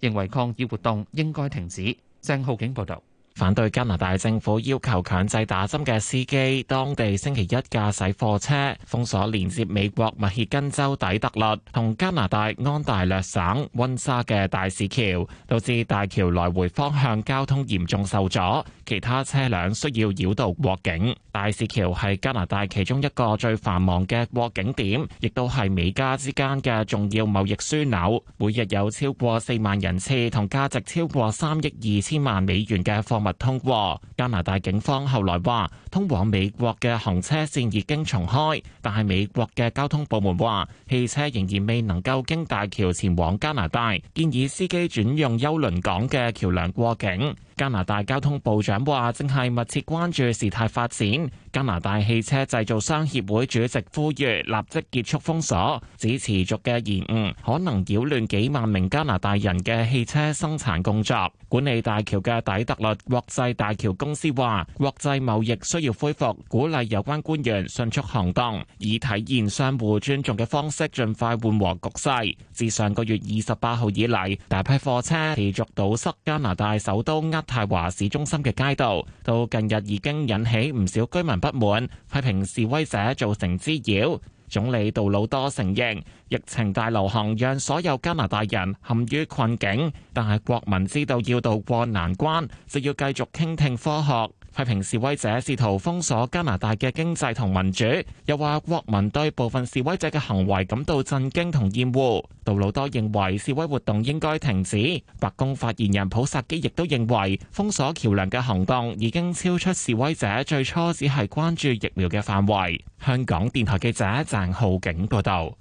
認為抗議活動應該停止。鄭浩景報導。反對加拿大政府要求強制打針嘅司機，當地星期一駕駛貨車封鎖連接美國密歇根州底特律同加拿大安大略省溫莎嘅大使橋，導致大橋來回方向交通嚴重受阻，其他車輛需要繞道過境。大使橋係加拿大其中一個最繁忙嘅過境點，亦都係美加之間嘅重要貿易樞紐，每日有超過四萬人次同價值超過三億二千萬美元嘅貨物。通過，加拿大警方後來話，通往美國嘅行車線已經重開，但係美國嘅交通部門話，汽車仍然未能夠經大橋前往加拿大，建議司機轉用休倫港嘅橋梁過境。加拿大交通部長話，正係密切關注事態發展。加拿大汽車製造商協會主席呼籲立即結束封鎖，指持續嘅延誤可能擾亂幾萬名加拿大人嘅汽車生產工作。管理大橋嘅底特律國際大橋公司話：國際貿易需要恢復，鼓勵有關官員迅速行動，以體現相互尊重嘅方式，盡快緩和局勢。自上個月二十八號以嚟，大批貨車持續堵塞加拿大首都渥太華市中心嘅街道，到近日已經引起唔少居民不滿，批評示威者造成滋擾。總理杜魯多承認，疫情大流行讓所有加拿大人陷於困境，但係國民知道要渡過難關，就要繼續傾聽科學。批評示威者試圖封鎖加拿大嘅經濟同民主，又話國民對部分示威者嘅行為感到震驚同厭惡。杜魯多認為示威活動應該停止。白宮發言人普薩基亦都認為封鎖橋梁嘅行動已經超出示威者最初只係關注疫苗嘅範圍。香港電台記者鄭浩景報導。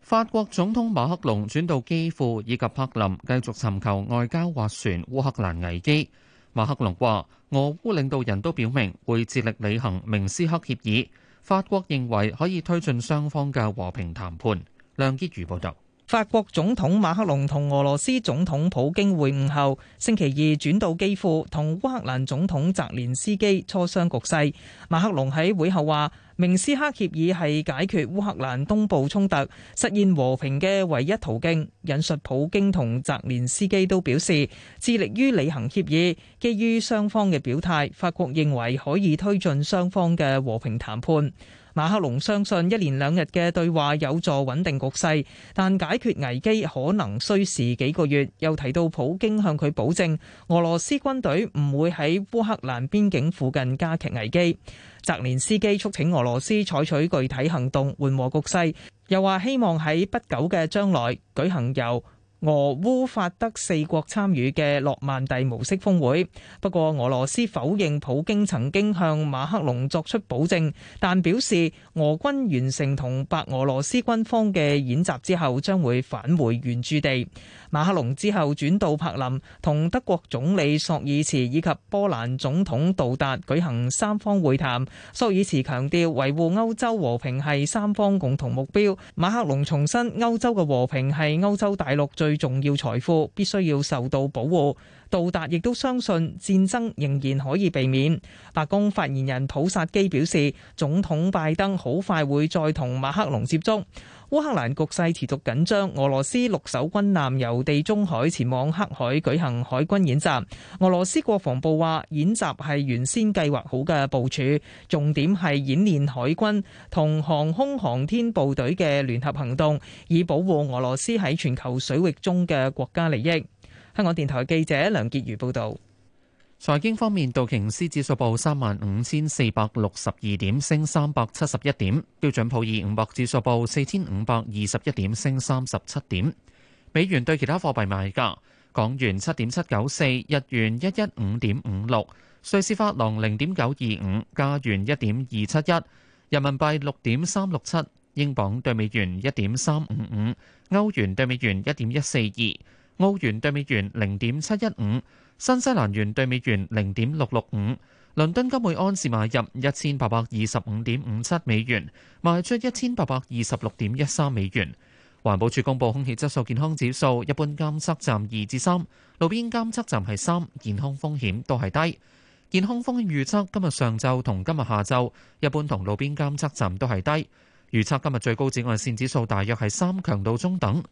法國總統馬克龍轉到基輔以及柏林，繼續尋求外交斡旋烏克蘭危機。馬克龍話：俄烏領導人都表明會致力履行明斯克協議。法國認為可以推進雙方嘅和平談判。梁潔如報道：法國總統馬克龍同俄羅斯總統普京會晤後，星期二轉到基輔同烏克蘭總統澤連斯基磋商局勢。馬克龍喺會後話：明斯克協議係解決烏克蘭東部衝突、實現和平嘅唯一途徑。引述普京同澤連斯基都表示，致力於履行協議。基於雙方嘅表態，法國認為可以推進雙方嘅和平談判。馬克龍相信一連兩日嘅對話有助穩定局勢，但解決危機可能需時幾個月。又提到普京向佢保證，俄羅斯軍隊唔會喺烏克蘭邊境附近加劇危機。澤連斯基促請俄羅斯採取具體行動緩和局勢，又話希望喺不久嘅將來舉行由俄烏法德四國參與嘅諾曼第模式峰會，不過俄羅斯否認普京曾經向馬克龍作出保證，但表示俄軍完成同白俄羅斯軍方嘅演習之後，將會返回原駐地。馬克龍之後轉到柏林，同德國總理索爾茨以及波蘭總統杜達舉行三方會談。索爾茨強調維護歐洲和平係三方共同目標。馬克龍重申歐洲嘅和平係歐洲大陸最重要財富，必須要受到保護。杜達亦都相信戰爭仍然可以避免。白宮發言人普薩基表示，總統拜登好快會再同馬克龍接觸。烏克蘭局勢持續緊張，俄羅斯六艘軍艦由地中海前往黑海舉行海軍演習。俄羅斯國防部話，演習係原先計劃好嘅部署，重點係演練海軍同航空航天部隊嘅聯合行動，以保護俄羅斯喺全球水域中嘅國家利益。香港電台記者梁潔如報道。財經方面，道瓊斯指數報三萬五千四百六十二點，升三百七十一點；標準普爾五百指數報四千五百二十一點，升三十七點。美元對其他貨幣賣價：港元七點七九四，日元一一五點五六，瑞士法郎零點九二五，加元一點二七一，人民幣六點三六七，英鎊對美元一點三五五，歐元對美元一點一四二，澳元對美元零點七一五。新西蘭元兌美元零點六六五，倫敦金每盎司買入一千八百二十五點五七美元，賣出一千八百二十六點一三美元。環保署公布空氣質素健康指數，一般監測站二至三，路邊監測站係三，健康風險都係低。健康風險預測今日上晝同今日下晝，一般同路邊監測站都係低。預測今日最高紫外線指數大約係三，強度中等。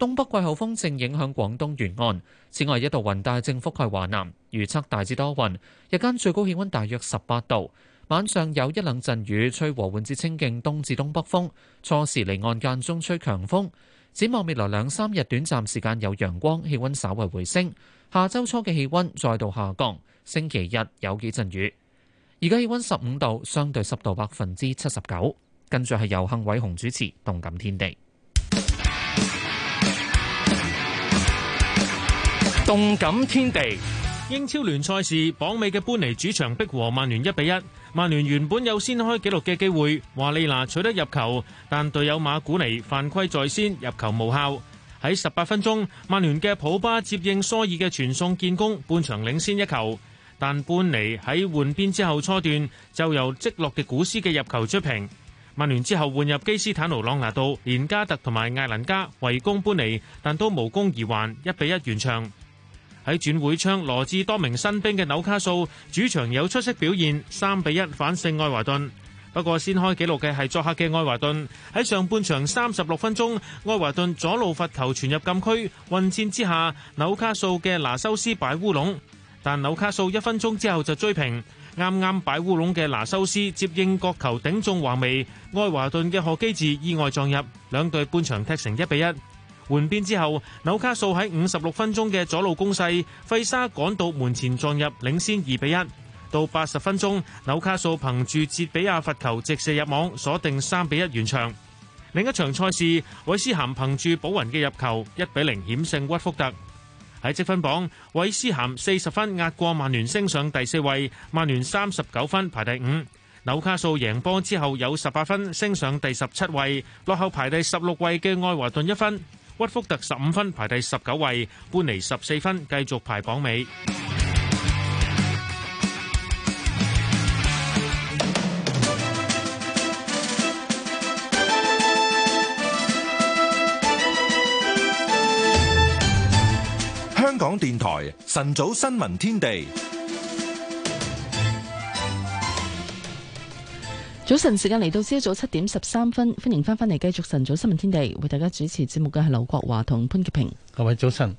東北季候風正影響廣東沿岸，此外一道雲帶正覆蓋華南，預測大致多雲，日間最高氣溫大約十八度，晚上有一兩陣雨，吹和緩至清勁東至東北風，初時離岸間中吹強風。展望未來兩三日短暫時間有陽光，氣溫稍為回升，下周初嘅氣溫再度下降，星期日有幾陣雨。而家氣溫十五度，相對濕度百分之七十九。跟住係由幸偉雄主持《動感天地》。動感天地，英超聯賽是榜尾嘅般尼主場逼和曼聯一比一。曼聯原本有先開紀錄嘅機會，華利拿取得入球，但隊友馬古尼犯規在先，入球無效。喺十八分鐘，曼聯嘅普巴接應蘇爾嘅傳送建功，半場領先一球。但般尼喺換邊之後初段就由積洛迪古斯嘅入球追平。曼聯之後換入基斯坦奴朗拿度、連加特同埋艾蘭加圍攻般尼，但都無功而還，一比一完場。喺轉會窗羅致多名新兵嘅紐卡素主場有出色表現，三比一反勝愛華頓。不過先開紀錄嘅係作客嘅愛華頓。喺上半場三十六分鐘，愛華頓左路罰球傳入禁區，混戰之下紐卡素嘅拿修斯擺烏龍。但紐卡素一分鐘之後就追平。啱啱擺烏龍嘅拿修斯接應角球頂中橫眉，愛華頓嘅賀基治意外撞入，兩隊半場踢成一比一。換邊之後，紐卡素喺五十六分鐘嘅左路攻勢，費沙趕到門前撞入，領先二比一。到八十分鐘，紐卡素憑住捷比亞罰球直射入網，鎖定三比一完場。另一場賽事，韋斯咸憑住保雲嘅入球一比零險勝屈福特。喺積分榜，韋斯咸四十分壓過曼聯，升上第四位。曼聯三十九分排第五。紐卡素贏波之後有十八分，升上第十七位，落後排第十六位嘅愛華頓一分。屈福特十五分排第十九位，般尼十四分，繼續排榜尾。香港電台晨早新聞天地。早晨時間嚟到朝早七點十三分，歡迎翻返嚟繼續晨早新聞天地，為大家主持節目嘅係劉國華同潘潔平。各位早晨。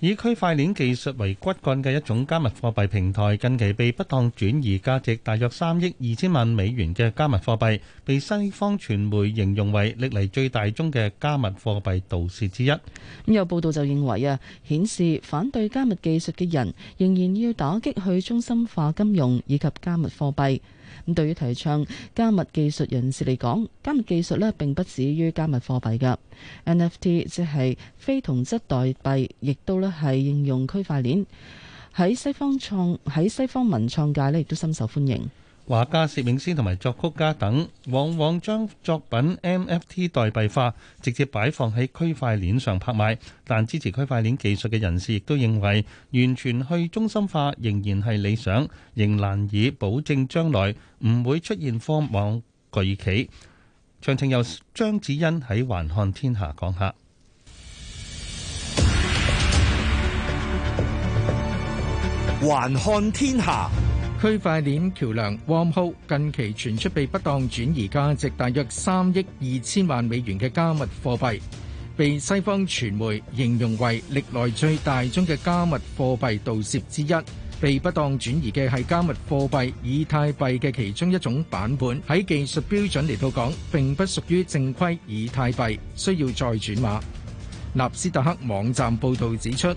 以區塊鏈技術為骨幹嘅一種加密貨幣平台，近期被不當轉移價值大約三億二千萬美元嘅加密貨幣，被西方傳媒形容為歷嚟最大宗嘅加密貨幣盜竊之一。咁有報道就認為啊，顯示反對加密技術嘅人仍然要打擊去中心化金融以及加密貨幣。咁對於提倡加密技術人士嚟講，加密技術呢並不止於加密貨幣嘅 NFT，即係非同質代幣，亦都呢係應用區塊鏈喺西方創喺西方文創界呢，亦都深受歡迎。畫家、攝影師同埋作曲家等，往往將作品 NFT 代幣化，直接擺放喺區塊鏈上拍賣。但支持區塊鏈技術嘅人士亦都認為，完全去中心化仍然係理想，仍難以保證將來唔會出現科網巨企。詳情由張子欣喺《環看天下》講下，《環看天下》。區塊鏈橋梁 Wormhole 近期傳出被不當轉移價值大約三億二千萬美元嘅加密貨幣，被西方傳媒形容為歷來最大宗嘅加密貨幣盜竊之一。被不當轉移嘅係加密貨幣以太幣嘅其中一種版本，喺技術標準嚟到講，並不屬於正規以太幣，需要再轉碼。納斯達克網站報道指出。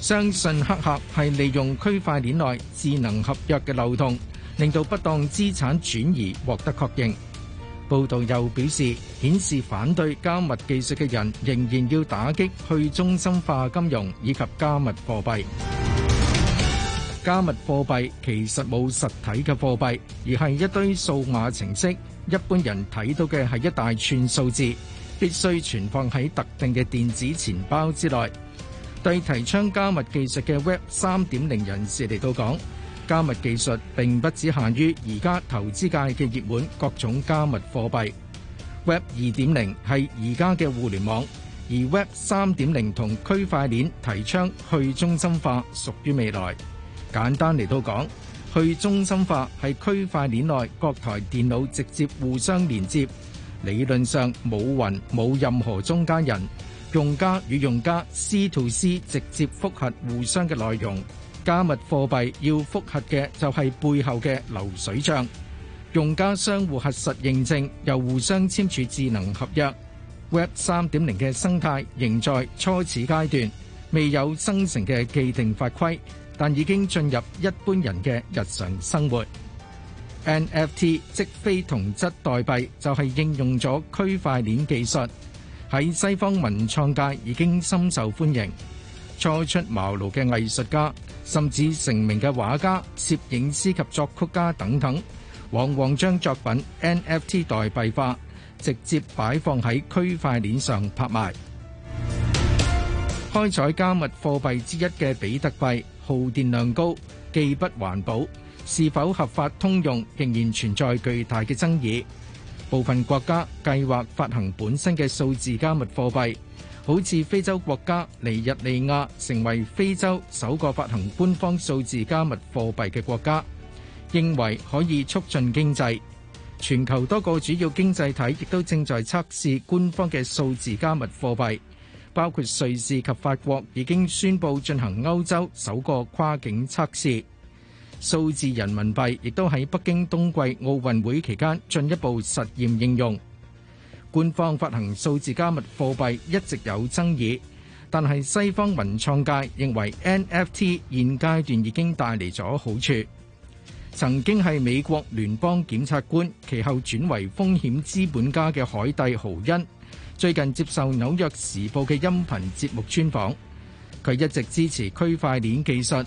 相信黑客係利用區塊鏈內智能合約嘅漏洞，令到不當資產轉移獲得確認。報道又表示，顯示反對加密技術嘅人仍然要打擊去中心化金融以及加密貨幣。加密貨幣其實冇實體嘅貨幣，而係一堆數碼程式。一般人睇到嘅係一大串數字，必須存放喺特定嘅電子錢包之內。對提倡加密技術嘅 Web 3.0人士嚟到講，加密技術並不只限於而家投資界嘅熱門各種加密貨幣。Web 2.0係而家嘅互聯網，而 Web 3.0同區塊鏈提倡去中心化，屬於未來。簡單嚟到講，去中心化係區塊鏈內各台電腦直接互相連接，理論上冇雲，冇任何中間人。用家與用家，C to C 直接複核互相嘅內容。加密貨幣要複核嘅就係背後嘅流水帳。用家相互核實認證，又互相簽署智能合約。Web 3.0嘅生態仍在初始階段，未有生成嘅既定法規，但已經進入一般人嘅日常生活。NFT 即非同質代幣，就係、是、應用咗區塊鏈技術。喺西方文創界已經深受歡迎，初出茅廬嘅藝術家，甚至成名嘅畫家、攝影師及作曲家等等，往往將作品 NFT 代幣化，直接擺放喺區塊鏈上拍賣。開採加密貨幣之一嘅比特幣，耗電量高，既不環保，是否合法通用，仍然存在巨大嘅爭議。部分國家計劃發行本身嘅數字加密貨幣，好似非洲國家尼日利亞成為非洲首個發行官方數字加密貨幣嘅國家，認為可以促進經濟。全球多個主要經濟體亦都正在測試官方嘅數字加密貨幣，包括瑞士及法國已經宣布進行歐洲首個跨境測試。數字人民幣亦都喺北京冬季奧運會期間進一步實驗應用。官方發行數字加密貨幣一直有爭議，但係西方文創界認為 NFT 現階段已經帶嚟咗好處。曾經係美國聯邦檢察官，其後轉為風險資本家嘅海蒂豪恩，最近接受紐約時報嘅音頻節目專訪，佢一直支持區塊鏈技術。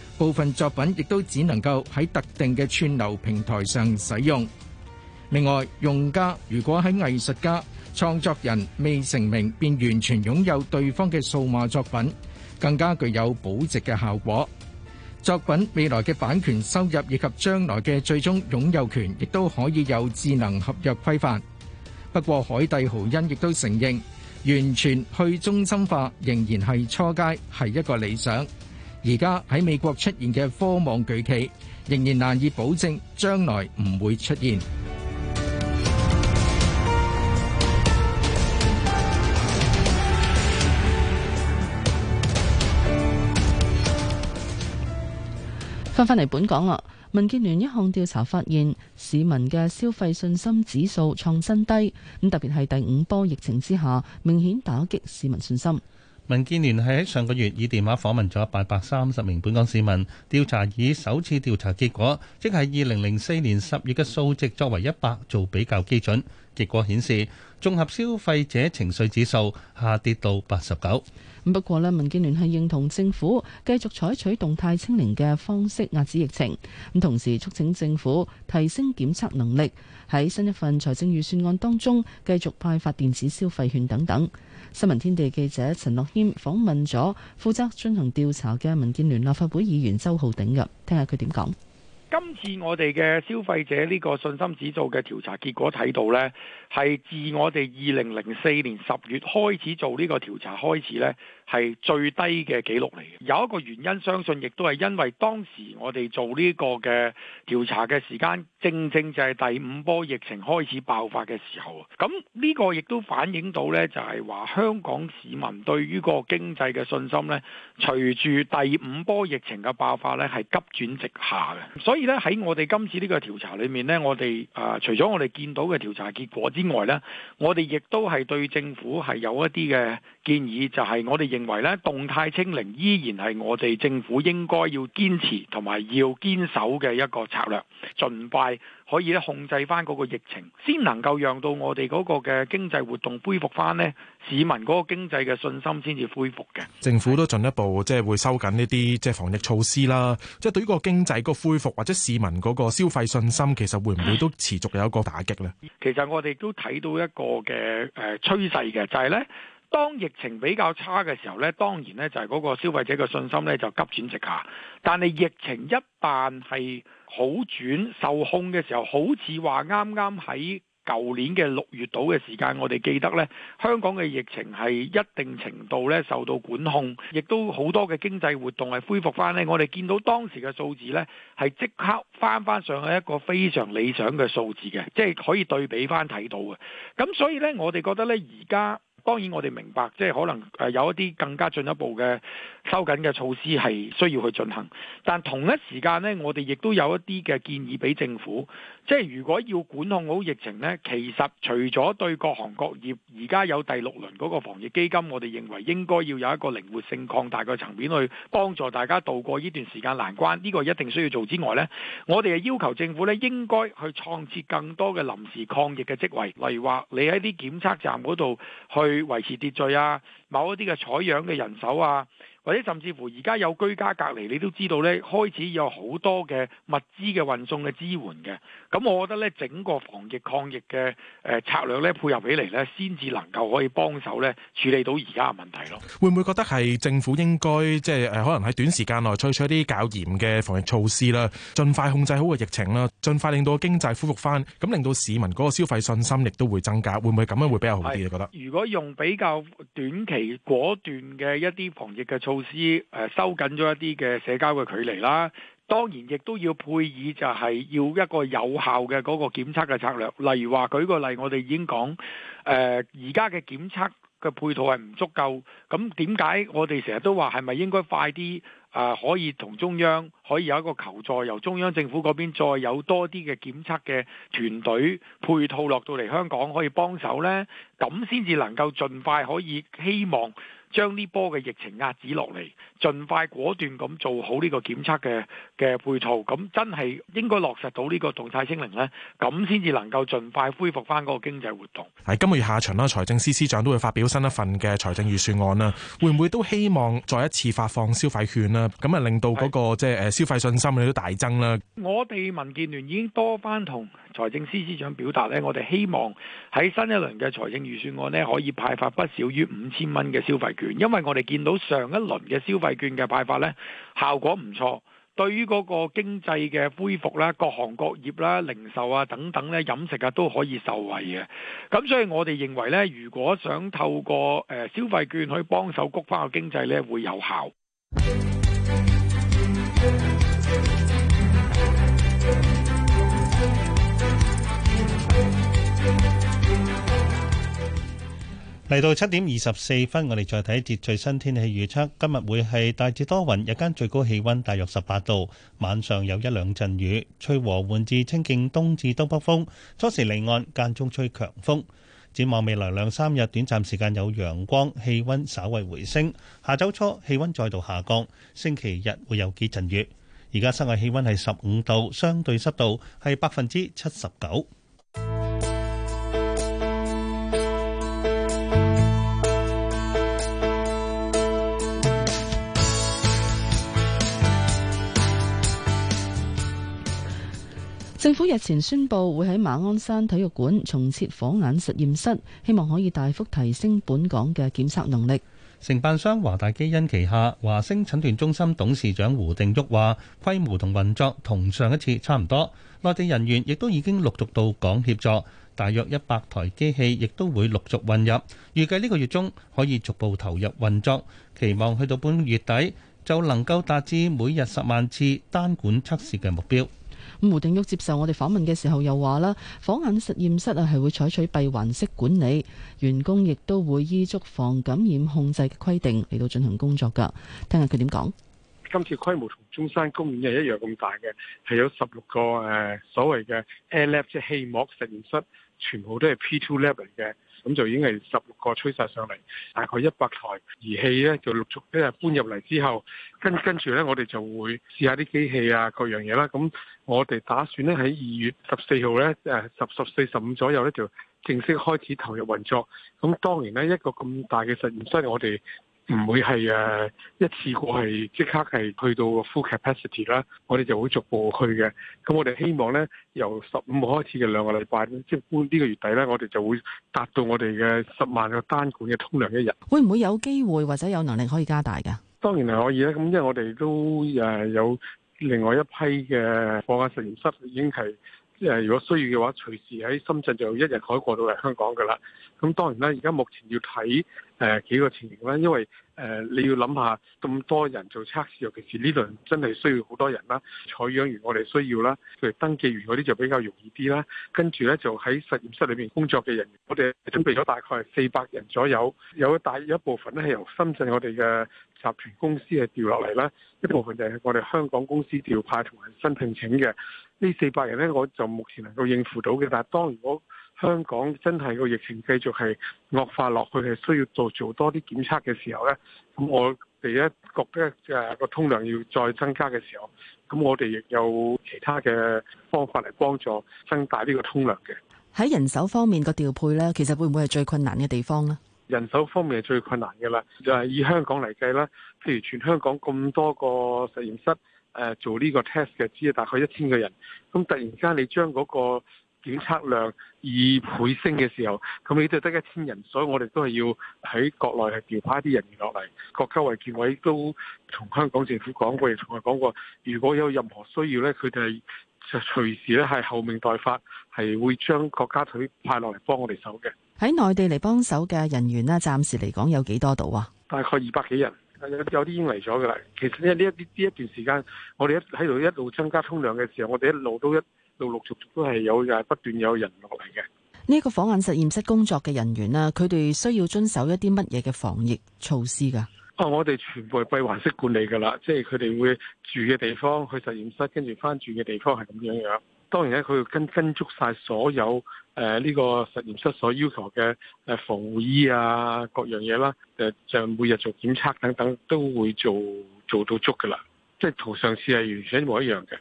部分作品亦都只能夠喺特定嘅串流平台上使用。另外，用家如果喺藝術家、創作人未成名，便完全擁有對方嘅數碼作品，更加具有保值嘅效果。作品未來嘅版權收入以及將來嘅最終擁有權，亦都可以有智能合約規範。不過，海蒂豪恩亦都承認，完全去中心化仍然係初階，係一個理想。而家喺美國出現嘅科網巨企，仍然難以保證將來唔會出現。翻返嚟本港啦，民建聯一項調查發現，市民嘅消費信心指數創新低，咁特別係第五波疫情之下，明顯打擊市民信心。民建聯係喺上個月以電話訪問咗八百三十名本港市民，調查以首次調查結果，即係二零零四年十月嘅數值作為一百做比較基準。結果顯示綜合消費者情緒指數下跌到八十九。咁不過呢，民建聯係認同政府繼續採取動態清零嘅方式壓止疫情，咁同時促請政府提升檢測能力，喺新一份財政預算案當中繼續派發電子消費券等等。新聞天地記者陳樂謙訪問咗負責進行調查嘅民建聯立法會議員周浩鼎，噉，聽下佢點講。今次我哋嘅消費者呢個信心指數嘅調查結果睇到呢，係自我哋二零零四年十月開始做呢個調查開始呢，係最低嘅記錄嚟嘅。有一個原因，相信亦都係因為當時我哋做呢個嘅調查嘅時間，正正就係第五波疫情開始爆發嘅時候。咁呢、呢個亦都反映到呢就係、係、話香港市民對於個經濟嘅信心呢，隨住第五波疫情嘅爆發呢係急轉直下嘅。所以呢，喺我哋今次呢個調查裏面呢，我哋啊、呃，除咗我哋見到嘅調查結果之外，之外咧，我哋亦都係對政府係有一啲嘅建議，就係、是、我哋認為咧，動態清零依然係我哋政府應該要堅持同埋要堅守嘅一個策略，盡快。可以咧控制翻嗰個疫情，先能夠讓到我哋嗰個嘅經濟活動恢復翻呢，市民嗰個經濟嘅信心先至恢復嘅。政府都進一步即係會收緊呢啲即係防疫措施啦，即係對呢個經濟個恢復或者市民嗰個消費信心，其實會唔會都持續有一個打擊呢？其實我哋都睇到一個嘅誒趨勢嘅，就係呢：當疫情比較差嘅時候呢，當然呢，就係嗰個消費者嘅信心呢，就急轉直下，但係疫情一旦係。好轉受控嘅時候，好似話啱啱喺舊年嘅六月度嘅時間，我哋記得呢，香港嘅疫情係一定程度呢受到管控，亦都好多嘅經濟活動係恢復翻呢，我哋見到當時嘅數字呢，係即刻翻翻上去一個非常理想嘅數字嘅，即係可以對比翻睇到嘅。咁所以呢，我哋覺得呢，而家。當然，我哋明白，即係可能誒有一啲更加進一步嘅收緊嘅措施係需要去進行，但同一時間呢，我哋亦都有一啲嘅建議俾政府。即係如果要管控好疫情呢，其實除咗對各行各業而家有第六輪嗰個防疫基金，我哋認為應該要有一個靈活性擴大嘅層面去幫助大家度過呢段時間難關，呢個一定需要做之外呢，我哋係要求政府呢應該去創設更多嘅臨時抗疫嘅職位，例如話你喺啲檢測站嗰度去維持秩序啊，某一啲嘅採樣嘅人手啊。或者甚至乎而家有居家隔離，你都知道咧，開始有好多嘅物資嘅運送嘅支援嘅。咁我覺得咧，整個防疫抗疫嘅誒策略咧，配合起嚟咧，先至能夠可以幫手咧處理到而家嘅問題咯。會唔會覺得係政府應該即係誒，可能喺短時間內採取一啲較嚴嘅防疫措施啦，盡快控制好個疫情啦，盡快令到經濟恢復翻，咁令到市民嗰個消費信心亦都會增加。會唔會咁樣會比較好啲啊？覺得如果用比較短期果斷嘅一啲防疫嘅措，措施誒收緊咗一啲嘅社交嘅距離啦，當然亦都要配以就係要一個有效嘅嗰個檢測嘅策略。例如話，舉個例，我哋已經講誒而家嘅檢測嘅配套係唔足夠，咁點解我哋成日都話係咪應該快啲啊，呃，可以同中央可以有一個求助，由中央政府嗰邊再有多啲嘅檢測嘅團隊配套落到嚟香港可以幫手呢？咁先至能夠盡快可以希望，將呢波嘅疫情壓止落嚟，盡快果斷咁做好呢個檢測嘅嘅配套，咁真係應該落實到呢個動態清零呢，咁先至能夠盡快恢復返嗰個經濟活動。喺今個月下旬啦，財政司司長都會發表新一份嘅財政預算案啦，會唔會都希望再一次發放消費券啦？咁啊令到嗰、嗰個即係是消費信心亦都大增啦。我哋民建聯已經多番同財政司司長表達呢，我哋希望喺新一輪嘅財政預算案呢，可以派發不少於五千蚊嘅消費。因為我哋見到上一輪嘅消費券嘅派發呢，效果唔錯，對於嗰個經濟嘅恢復啦、各行各業啦、零售啊等等咧、飲食啊都可以受惠嘅。咁所以我哋認為呢，如果想透過消費券去幫手谷返個經濟呢，會有效。嚟到七點二十四分，我哋再睇一節最新天氣預測。今日會係大致多雲，日間最高氣溫大約十八度，晚上有一兩陣雨。吹和緩至清勁東至東北風，初時離岸，間中吹強風。展望未來兩三日，短暫時間有陽光，氣溫稍為回升。下周初氣溫再度下降，星期日會有幾陣雨。而家室外氣溫係十五度，相對濕度係百分之七十九。政府日前宣佈會喺馬鞍山體育館重設火眼實驗室，希望可以大幅提升本港嘅檢測能力。承辦商華大基因旗下華星診斷中心董事長胡定旭話，規模同運作同上一次差唔多，內地人員亦都已經陸續到港協助，大約一百台機器亦都會陸續運入，預計呢個月中可以逐步投入運作，期望去到本月底就能夠達至每日十萬次單管測試嘅目標。胡定旭接受我哋訪問嘅時候又話啦，火眼實驗室啊係會採取閉環式管理，員工亦都會依足防感染控制嘅規定嚟到進行工作噶。聽下佢點講？今次規模同中山公園係一樣咁大嘅，係有十六個誒、呃、所謂嘅 air lab 即係氣膜實驗室，全部都係 P2 level 嘅。咁就已經係十六個推曬上嚟，大概一百台儀器咧就陸續一日搬入嚟之後，跟跟住咧我哋就會試下啲機器啊各樣嘢啦。咁我哋打算咧喺二月十四號咧誒十十四十五左右咧就正式開始投入運作。咁當然咧，一個咁大嘅實驗室我哋。唔會係誒一次過係即刻係去到個 full capacity 啦，我哋就會逐步去嘅。咁我哋希望咧，由十五號開始嘅兩個禮拜，即係呢個月底咧，我哋就會達到我哋嘅十萬個單管嘅通量一日。會唔會有機會或者有能力可以加大㗎？當然係可以啦。咁因為我哋都誒有另外一批嘅科研實驗室已經係。即如果需要嘅話，隨時喺深圳就一日可以過到嚟香港嘅啦。咁當然啦，而家目前要睇誒、呃、幾個情形啦，因為誒、呃、你要諗下咁多人做測試，尤其是呢度真係需要好多人啦。採樣員我哋需要啦，譬如登記員嗰啲就比較容易啲啦。跟住呢，就喺實驗室裏面工作嘅人員，我哋準備咗大概四百人左右，有大有一部分呢係由深圳我哋嘅集團公司係調落嚟啦，一部分就係我哋香港公司調派同埋新聘請嘅。呢四百人咧，我就目前能夠應付到嘅。但係，當如果香港真係個疫情繼續係惡化落去，係需要做做多啲檢測嘅時候咧，咁我哋咧覺得即係個通量要再增加嘅時候，咁我哋亦有其他嘅方法嚟幫助增大呢個通量嘅。喺人手方面個調配咧，其實會唔會係最困難嘅地方咧？人手方面係最困難嘅啦。就係以香港嚟計啦，譬如全香港咁多個實驗室。誒，做呢個 test 嘅只係大概一千個人，咁突然間你將嗰個檢測量二倍升嘅時候，咁你就得一千人，所以我哋都係要喺國內係調派一啲人員落嚟。國家衛健委都同香港政府講過，亦同我講過，如果有任何需要咧，佢哋就隨時咧係候命待發，係會將國家隊派落嚟幫我哋手嘅。喺內地嚟幫手嘅人員呢，暫時嚟講有幾多度啊？大概二百幾人。有啲有啲已經嚟咗㗎啦，其實呢呢一啲呢一段時間，我哋一喺度一路增加通量嘅時候，我哋一路都一陸陸續續都係有係不斷有人落嚟嘅。呢一個火眼實驗室工作嘅人員啦，佢哋需要遵守一啲乜嘢嘅防疫措施㗎？啊，我哋全部係閉環式管理㗎啦，即係佢哋會住嘅地方、去實驗室、跟住翻住嘅地方係咁樣樣。當然咧，佢要跟跟足晒所有誒呢、呃呢個實驗室所要求嘅誒防護衣啊，各樣嘢啦，誒、呃、就每日做檢測等等，都會做做到足噶啦，即係同上次係完全一模一樣嘅。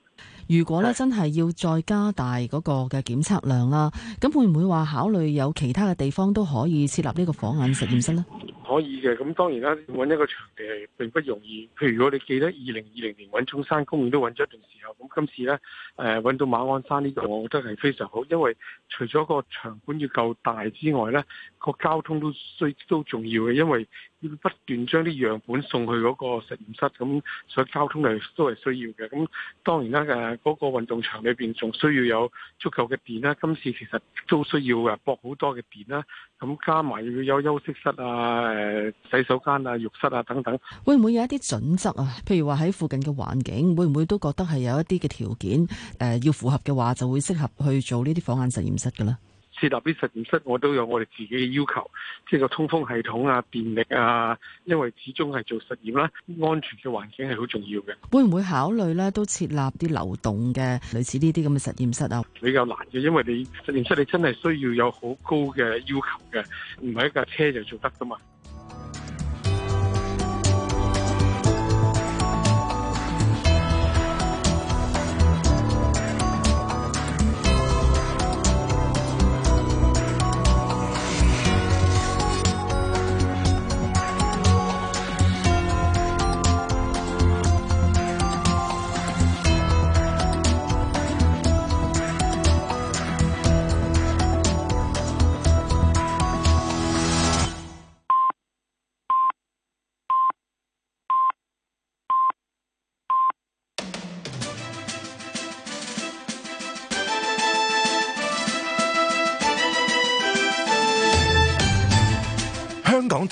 如果咧係真係要再加大嗰個嘅檢測量啦，啊，咁會唔會話考慮有其他嘅地方都可以設立呢個火眼實驗室呢？可以嘅，咁當然啦，揾一個場地係並不容易。譬如我哋記得二零二零年揾中山公園都揾咗一段時候，咁今次呢，誒揾到馬鞍山呢度，我覺得係非常好。因為除咗個場館要夠大之外呢，個交通都需都重要嘅，因為要不斷將啲樣本送去嗰個實驗室，咁所以交通嚟都係需要嘅。咁當然啦，誒嗰個運動場裏邊仲需要有足夠嘅電啦，今次其實都需要嘅，駁好多嘅電啦。咁加埋要有休息室啊。誒，洗手間啊、浴室啊等等，會唔會有一啲準則啊？譬如話喺附近嘅環境，會唔會都覺得係有一啲嘅條件誒、呃，要符合嘅話，就會適合去做呢啲火眼實驗室嘅咧？設立啲實驗室，我都有我哋自己嘅要求，即係個通風系統啊、電力啊，因為始終係做實驗啦。安全嘅環境係好重要嘅。會唔會考慮咧？都設立啲流動嘅類似呢啲咁嘅實驗室啊？比較難嘅，因為你實驗室你真係需要有好高嘅要求嘅，唔係一架車就做得噶嘛。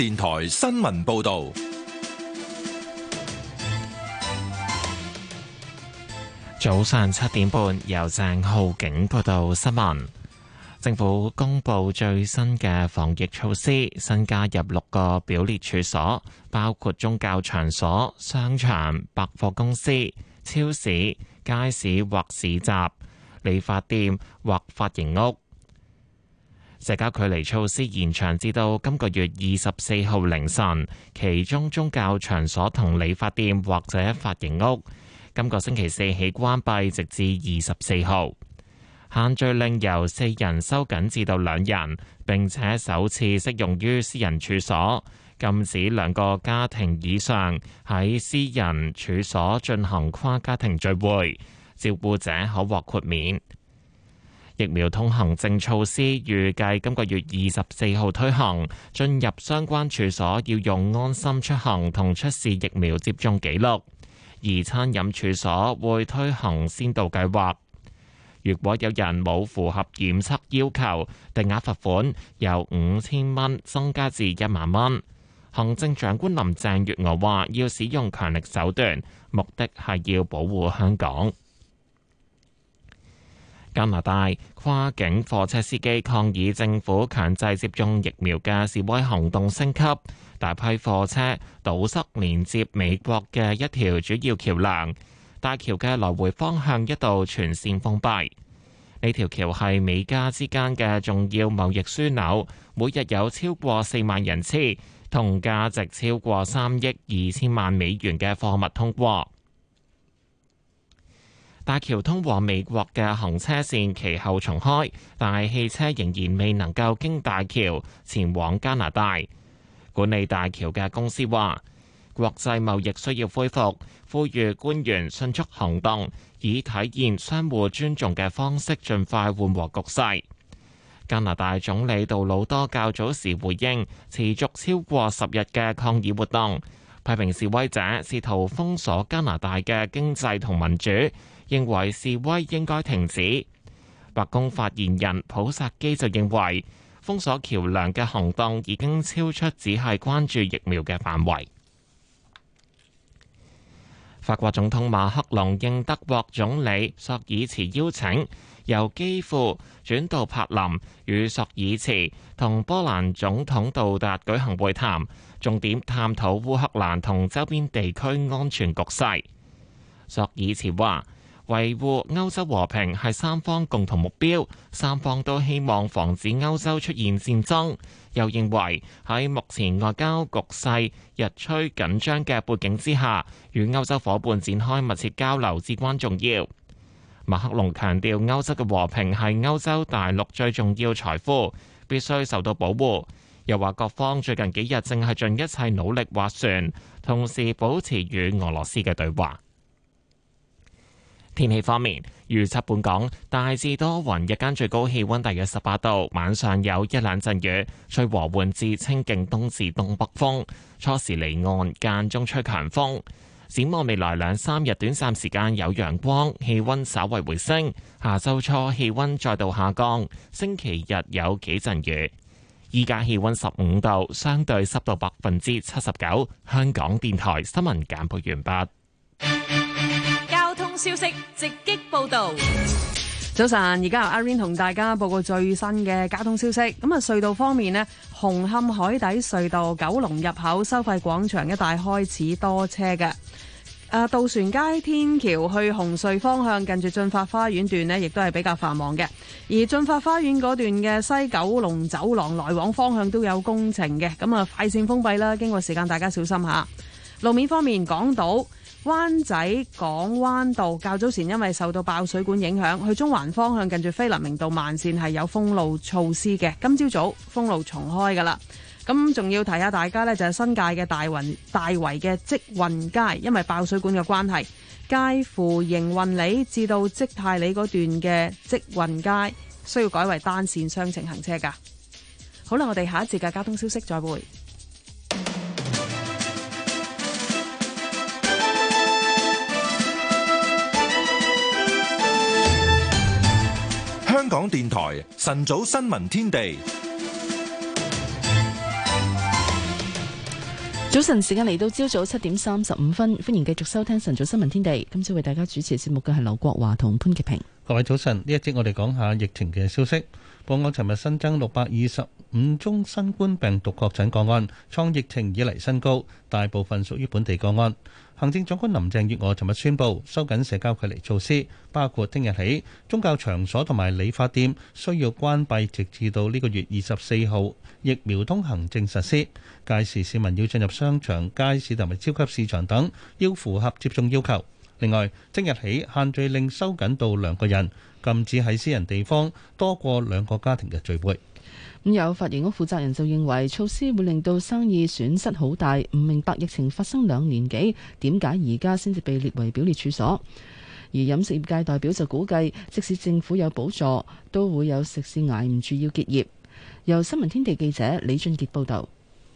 電台新聞報道，早上七點半，由鄭浩景報道新聞。政府公布最新嘅防疫措施，新加入六個表列處所，包括宗教場所、商場、百貨公司、超市、街市或市集、理髮店或髮型屋。社交距離措施延長至到今個月二十四號凌晨，其中宗教場所同理髮店或者髮型屋，今個星期四起關閉直至二十四號。限聚令由四人收緊至到兩人，並且首次適用於私人處所，禁止兩個家庭以上喺私人處所進行跨家庭聚會，照顧者可獲豁免。疫苗通行證措施預計今個月二十四號推行，進入相關處所要用安心出行同出示疫苗接種記錄，而餐飲處所會推行先導計劃。如果有人冇符合檢測要求，定額罰款由五千蚊增加至一萬蚊。行政長官林鄭月娥話要使用強力手段，目的係要保護香港。加拿大。跨境貨車司機抗議政府強制接種疫苗嘅示威行動升級，大批貨車堵塞連接美國嘅一條主要橋梁，大橋嘅來回方向一度全線封閉。呢條橋係美加之間嘅重要貿易樞紐，每日有超過四萬人次同價值超過三億二千萬美元嘅貨物通過。大橋通往美國嘅行車線其後重開，但係汽車仍然未能夠經大橋前往加拿大。管理大橋嘅公司話，國際貿易需要恢復，呼籲官員迅速行動，以體現相互尊重嘅方式，盡快緩和局勢。加拿大總理杜魯多較早時回應，持續超過十日嘅抗議活動，批評示威者試圖封鎖加拿大嘅經濟同民主。認為示威應該停止。白宮發言人普薩基就認為，封鎖橋樑嘅行動已經超出只係關注疫苗嘅範圍。法國總統馬克龍應德國總理朔爾茨邀請，由基輔轉到柏林，與朔爾茨同波蘭總統到達舉行會談，重點探討烏克蘭同周邊地區安全局勢。朔爾茨話。維護歐洲和平係三方共同目標，三方都希望防止歐洲出現戰爭，又認為喺目前外交局勢日趨緊張嘅背景之下，與歐洲伙伴展開密切交流至關重要。馬克龍強調，歐洲嘅和平係歐洲大陸最重要財富，必須受到保護。又話各方最近幾日正係盡一切努力斡旋，同時保持與俄羅斯嘅對話。天氣方面，預測本港大致多雲，日間最高氣溫大約十八度，晚上有一兩陣雨，吹和緩至清勁東至東北風，初時離岸間中吹強風。展望未來兩三日，短暫時間有陽光，氣溫稍為回升。下周初氣溫再度下降，星期日有幾陣雨。依家氣溫十五度，相對濕度百分之七十九。香港電台新聞簡報完畢。消息直擊報道，早晨，而家由阿 Rain 同大家報告最新嘅交通消息。咁啊，隧道方面呢，紅磡海底隧道九龍入口收費廣場一帶開始多車嘅。啊，渡船街天橋去紅隧方向，近住駿發花園段呢，亦都係比較繁忙嘅。而駿發花園嗰段嘅西九龍走廊來往方向都有工程嘅，咁啊，快綫封閉啦。經過時間，大家小心吓。路面方面，港島。灣仔港灣道較早前因為受到爆水管影響，去中環方向近住菲林明道慢綫係有封路措施嘅，今朝早，早封路重開噶啦。咁仲要提下大家呢，就係、是、新界嘅大云大圍嘅積運街，因為爆水管嘅關係，介乎營運里至到積泰里嗰段嘅積運街需要改為單綫雙程行車噶。好啦，我哋下一節嘅交通消息再會。香港電台晨早新聞天地，早晨時間嚟到朝早七點三十五分，歡迎繼續收聽晨早新聞天地。今次為大家主持節目嘅係劉國華同潘潔平。各位早晨，呢一節我哋講下疫情嘅消息。報告尋日新增六百二十五宗新冠病毒確診個案，創疫情以嚟新高，大部分屬於本地個案。行政長官林鄭月娥尋日宣布收緊社交距離措施，包括聽日起宗教場所同埋理髮店需要關閉，直至到呢個月二十四號疫苗通行證實施。屆時市民要進入商場、街市同埋超級市場等，要符合接種要求。另外，聽日起限聚令收緊到兩個人，禁止喺私人地方多過兩個家庭嘅聚會。有髮型屋負責人就認為措施會令到生意損失好大，唔明白疫情發生兩年幾，點解而家先至被列為表列處所。而飲食業界代表就估計，即使政府有補助，都會有食肆捱唔住要結業。由新聞天地記者李俊傑報道，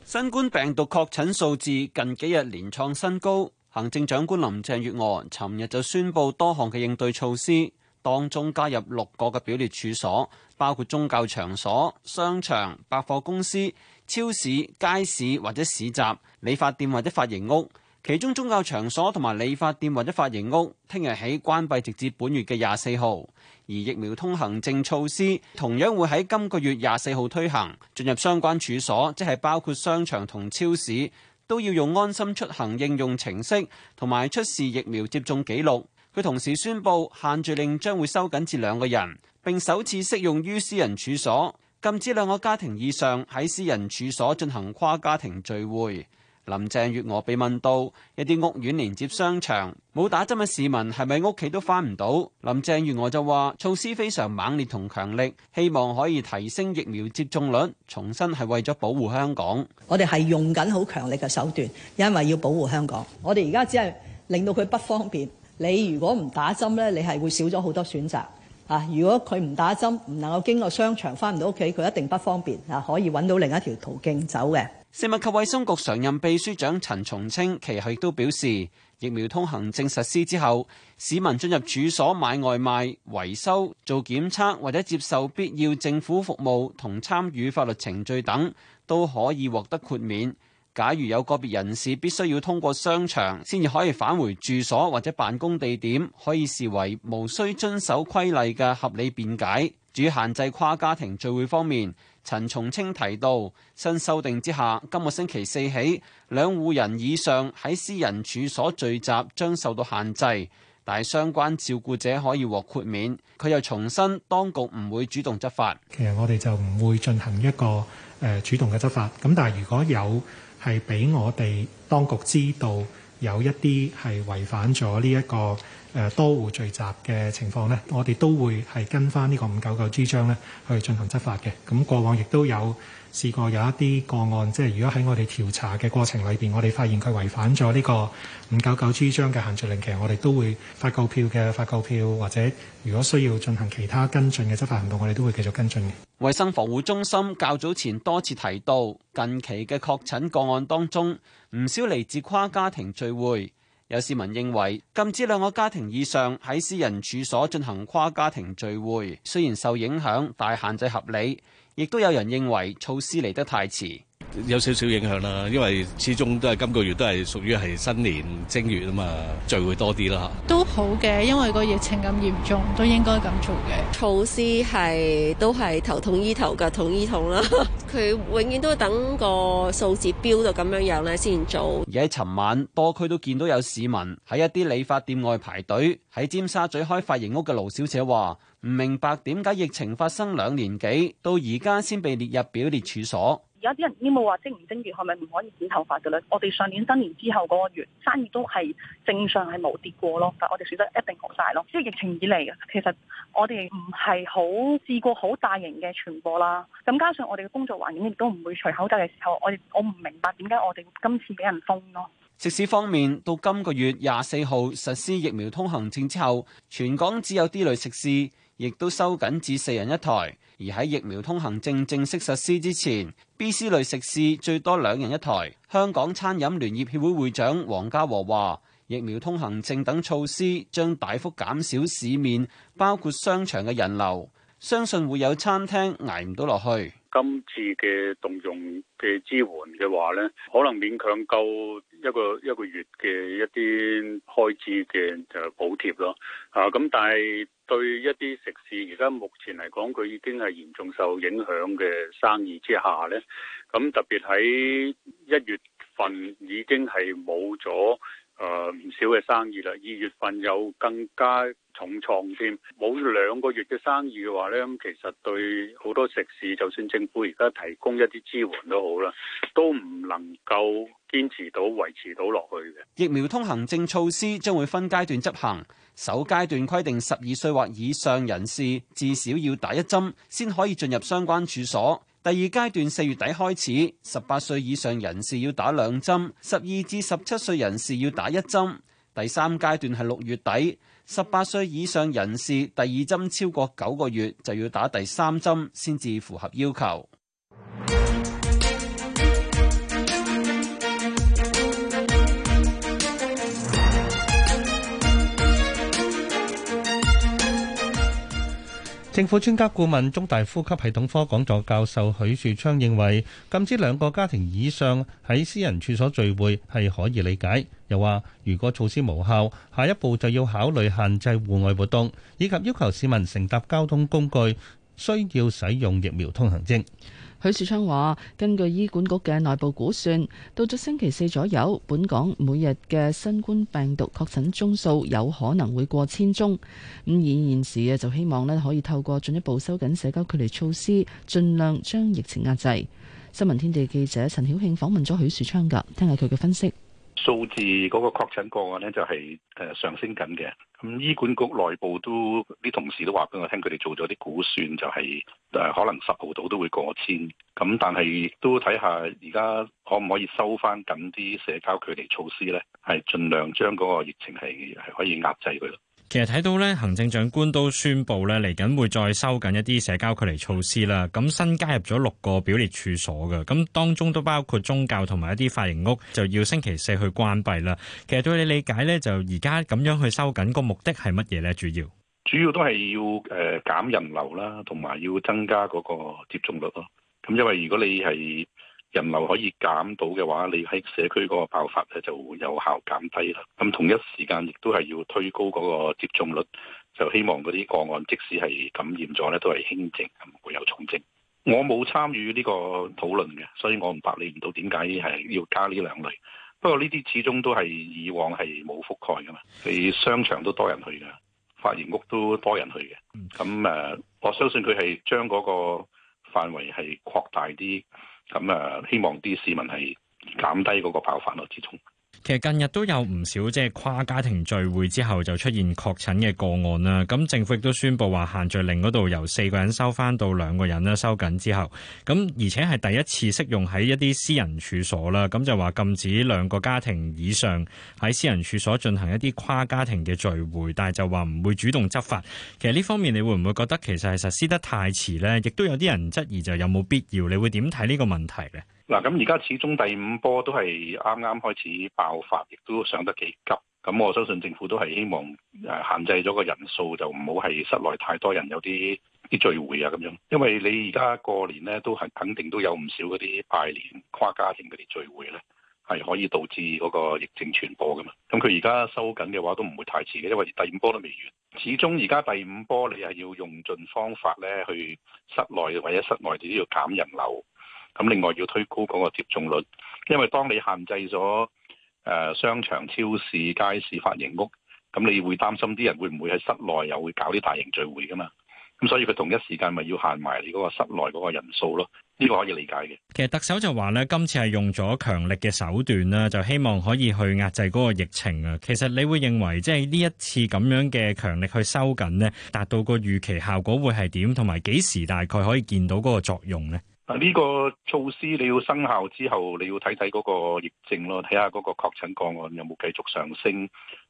新冠病毒確診數字近幾日連創新高，行政長官林鄭月娥尋日就宣布多項嘅應對措施。當中加入六個嘅表列處所，包括宗教場所、商場、百貨公司、超市、街市或者市集、理髮店或者髮型屋。其中宗教場所同埋理髮店或者髮型屋，聽日起關閉，直至本月嘅廿四號。而疫苗通行證措施同樣會喺今個月廿四號推行，進入相關處所，即係包括商場同超市，都要用安心出行應用程式同埋出示疫苗接種記錄。佢同時宣布，限聚令將會收緊至兩個人，並首次適用於私人處所，禁止兩個家庭以上喺私人處所進行跨家庭聚會。林鄭月娥被問到有啲屋苑連接商場，冇打針嘅市民係咪屋企都返唔到？林鄭月娥就話：措施非常猛烈同強力，希望可以提升疫苗接種率，重新係為咗保護香港。我哋係用緊好強力嘅手段，因為要保護香港。我哋而家只係令到佢不方便。你如果唔打針咧，你係會少咗好多選擇嚇、啊。如果佢唔打針，唔能夠經過商場返唔到屋企，佢一定不方便嚇、啊。可以揾到另一條途徑走嘅。食物及衛生局常任秘書長陳松青其後亦都表示，疫苗通行證實施之後，市民進入處所買外賣、維修、做檢測或者接受必要政府服務同參與法律程序等，都可以獲得豁免。假如有個別人士必須要通過商場先至可以返回住所或者辦公地點，可以視為無需遵守規例嘅合理辯解。至於限制跨家庭聚會方面，陳松青提到新修訂之下，今個星期四起，兩戶人以上喺私人處所聚集將受到限制，但係相關照顧者可以獲豁免。佢又重申，當局唔會主動執法。其實，我哋就唔會進行一個誒主動嘅執法。咁但係如果有係俾我哋當局知道有一啲係違反咗呢一個誒、呃、多戶聚集嘅情況咧，我哋都會係跟翻呢個五九九 G 章咧去進行執法嘅。咁過往亦都有。試過有一啲個案，即係如果喺我哋調查嘅過程裏邊，我哋發現佢違反咗呢個五九九 G 章嘅限聚令，其實，我哋都會發告票嘅，發告票，或者如果需要進行其他跟進嘅執法行動，我哋都會繼續跟進嘅。衛生防護中心較早前多次提到，近期嘅確診個案當中，唔少嚟自跨家庭聚會。有市民認為禁止兩個家庭以上喺私人處所進行跨家庭聚會，雖然受影響，但限制合理。亦都有人認為措施嚟得太遲，有少少影響啦。因為始終都係今個月都係屬於係新年正月啊嘛，聚會多啲啦。都好嘅，因為個疫情咁嚴重，都應該咁做嘅。措施係都係頭痛醫頭，腳痛醫痛啦。佢 永遠都等個數字飆到咁樣樣咧，先做。而喺尋晚，多區都見到有市民喺一啲理髮店外排隊。喺尖沙咀開髮型屋嘅盧小姐話。唔明白點解疫情發生兩年幾到而家先被列入表列處所？而家啲人有冇話清唔清潔係咪唔可以剪頭髮嘅咧？我哋上年新年之後嗰個月生意都係正常係冇跌過咯，但我哋損失一定好大咯。即係疫情以嚟，其實我哋唔係好試過好大型嘅傳播啦。咁加上我哋嘅工作環境亦都唔會除口罩嘅時候，我哋我唔明白點解我哋今次俾人封咯。食肆方面，到今個月廿四號實施疫苗通行證之後，全港只有啲類食肆。亦都收緊至四人一台，而喺疫苗通行證正式實施之前，B、C 類食肆最多兩人一台。香港餐飲聯業協會會長黃家和話疫苗通行證等措施將大幅減少市面，包括商場嘅人流，相信會有餐廳挨唔到落去。今次嘅動用嘅支援嘅話呢，可能勉強夠一個一個月嘅一啲開支嘅就補貼咯。啊，咁但係對一啲食肆，而家目前嚟講，佢已經係嚴重受影響嘅生意之下呢，咁特別喺一月份已經係冇咗。誒唔少嘅生意啦，二月份有更加重創添，冇兩個月嘅生意嘅話咧，咁其實對好多食肆，就算政府而家提供一啲支援都好啦，都唔能夠堅持到維持到落去嘅。疫苗通行證措施將會分階段執行，首階段規定十二歲或以上人士至少要打一針先可以進入相關處所。第二階段四月底開始，十八歲以上人士要打兩針，十二至十七歲人士要打一針。第三階段係六月底，十八歲以上人士第二針超過九個月就要打第三針，先至符合要求。政府專家顧問、中大呼吸系統科講座教授許樹昌認為，禁止兩個家庭以上喺私人處所聚會係可以理解。又話，如果措施無效，下一步就要考慮限制戶外活動，以及要求市民乘搭交通工具需要使用疫苗通行證。許樹昌話，根據醫管局嘅內部估算，到咗星期四左右，本港每日嘅新冠病毒確診宗數有可能會過千宗。咁而現時嘅就希望咧可以透過進一步收緊社交距離措施，盡量將疫情壓制。新聞天地記者陳曉慶訪問咗許樹昌㗎，聽下佢嘅分析。數字嗰個確診個案咧就係、是、誒、呃、上升緊嘅，咁醫管局內部都啲同事都話俾我聽，佢哋做咗啲估算、就是，就係誒可能十號到都會過千，咁但係亦都睇下而家可唔可以收翻緊啲社交距離措施咧，係盡量將嗰個疫情係係可以壓制佢。其實睇到咧，行政長官都宣布咧，嚟緊會再收緊一啲社交距離措施啦。咁新加入咗六個表列處所嘅，咁當中都包括宗教同埋一啲髮型屋，就要星期四去關閉啦。其實對你理解咧，就而家咁樣去收緊，個目的係乜嘢咧？主要主要都係要誒減人流啦，同埋要增加嗰個接種率咯。咁因為如果你係人流可以減到嘅話，你喺社區嗰個爆發咧，就會有效減低啦。咁同一時間亦都係要推高嗰個接種率，就希望嗰啲個案即使係感染咗咧，都係輕症咁，唔會有重症。我冇參與呢個討論嘅，所以我唔白你唔到點解係要加呢兩類。不過呢啲始終都係以往係冇覆蓋噶嘛，你商場都多人去噶，髮型屋都多人去嘅。咁誒，我相信佢係將嗰個範圍係擴大啲。咁啊，希望啲市民係減低嗰個爆發率之中。其實近日都有唔少即係跨家庭聚會之後就出現確診嘅個案啦。咁政府亦都宣布話限聚令嗰度由四個人收返到兩個人咧，收緊之後，咁而且係第一次適用喺一啲私人處所啦。咁就話禁止兩個家庭以上喺私人處所進行一啲跨家庭嘅聚會，但係就話唔會主動執法。其實呢方面你會唔會覺得其實係實施得太遲呢？亦都有啲人質疑就有冇必要？你會點睇呢個問題呢？嗱，咁而家始終第五波都係啱啱開始爆發，亦都上得幾急。咁我相信政府都係希望誒限制咗個人數，就唔好係室內太多人有，有啲啲聚會啊咁樣。因為你而家過年呢，都係肯定都有唔少嗰啲拜年跨家庭嗰啲聚會呢，係可以導致嗰個疫情傳播㗎嘛。咁佢而家收緊嘅話，都唔會太遲嘅，因為第五波都未完。始終而家第五波，你係要用盡方法呢去室內或者室內都要減人流。咁另外要推高嗰個接種率，因為當你限制咗誒商場、超市、街市、髮型屋，咁你會擔心啲人會唔會喺室內又會搞啲大型聚會噶嘛？咁所以佢同一時間咪要限埋你嗰個室內嗰個人數咯，呢個可以理解嘅。其實特首就話咧，今次係用咗強力嘅手段啦，就希望可以去壓制嗰個疫情啊。其實你會認為即係呢一次咁樣嘅強力去收緊咧，達到個預期效果會係點？同埋幾時大概可以見到嗰個作用咧？呢個措施你要生效之後，你要睇睇嗰個疫症咯，睇下嗰個確診個案有冇繼續上升，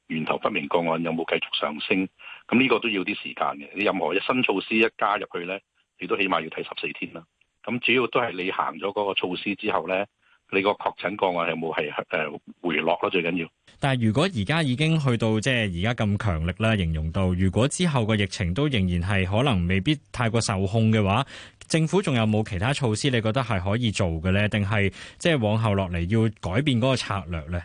源頭不明個案有冇繼續上升，咁呢個都要啲時間嘅。你任何一新措施一加入去咧，你都起碼要睇十四天啦。咁主要都係你行咗嗰個措施之後咧。你個確診個案有冇係誒回落咯？最緊要。但係如果而家已經去到即係而家咁強力啦，形容到如果之後個疫情都仍然係可能未必太過受控嘅話，政府仲有冇其他措施？你覺得係可以做嘅呢？定係即係往後落嚟要改變嗰個策略呢？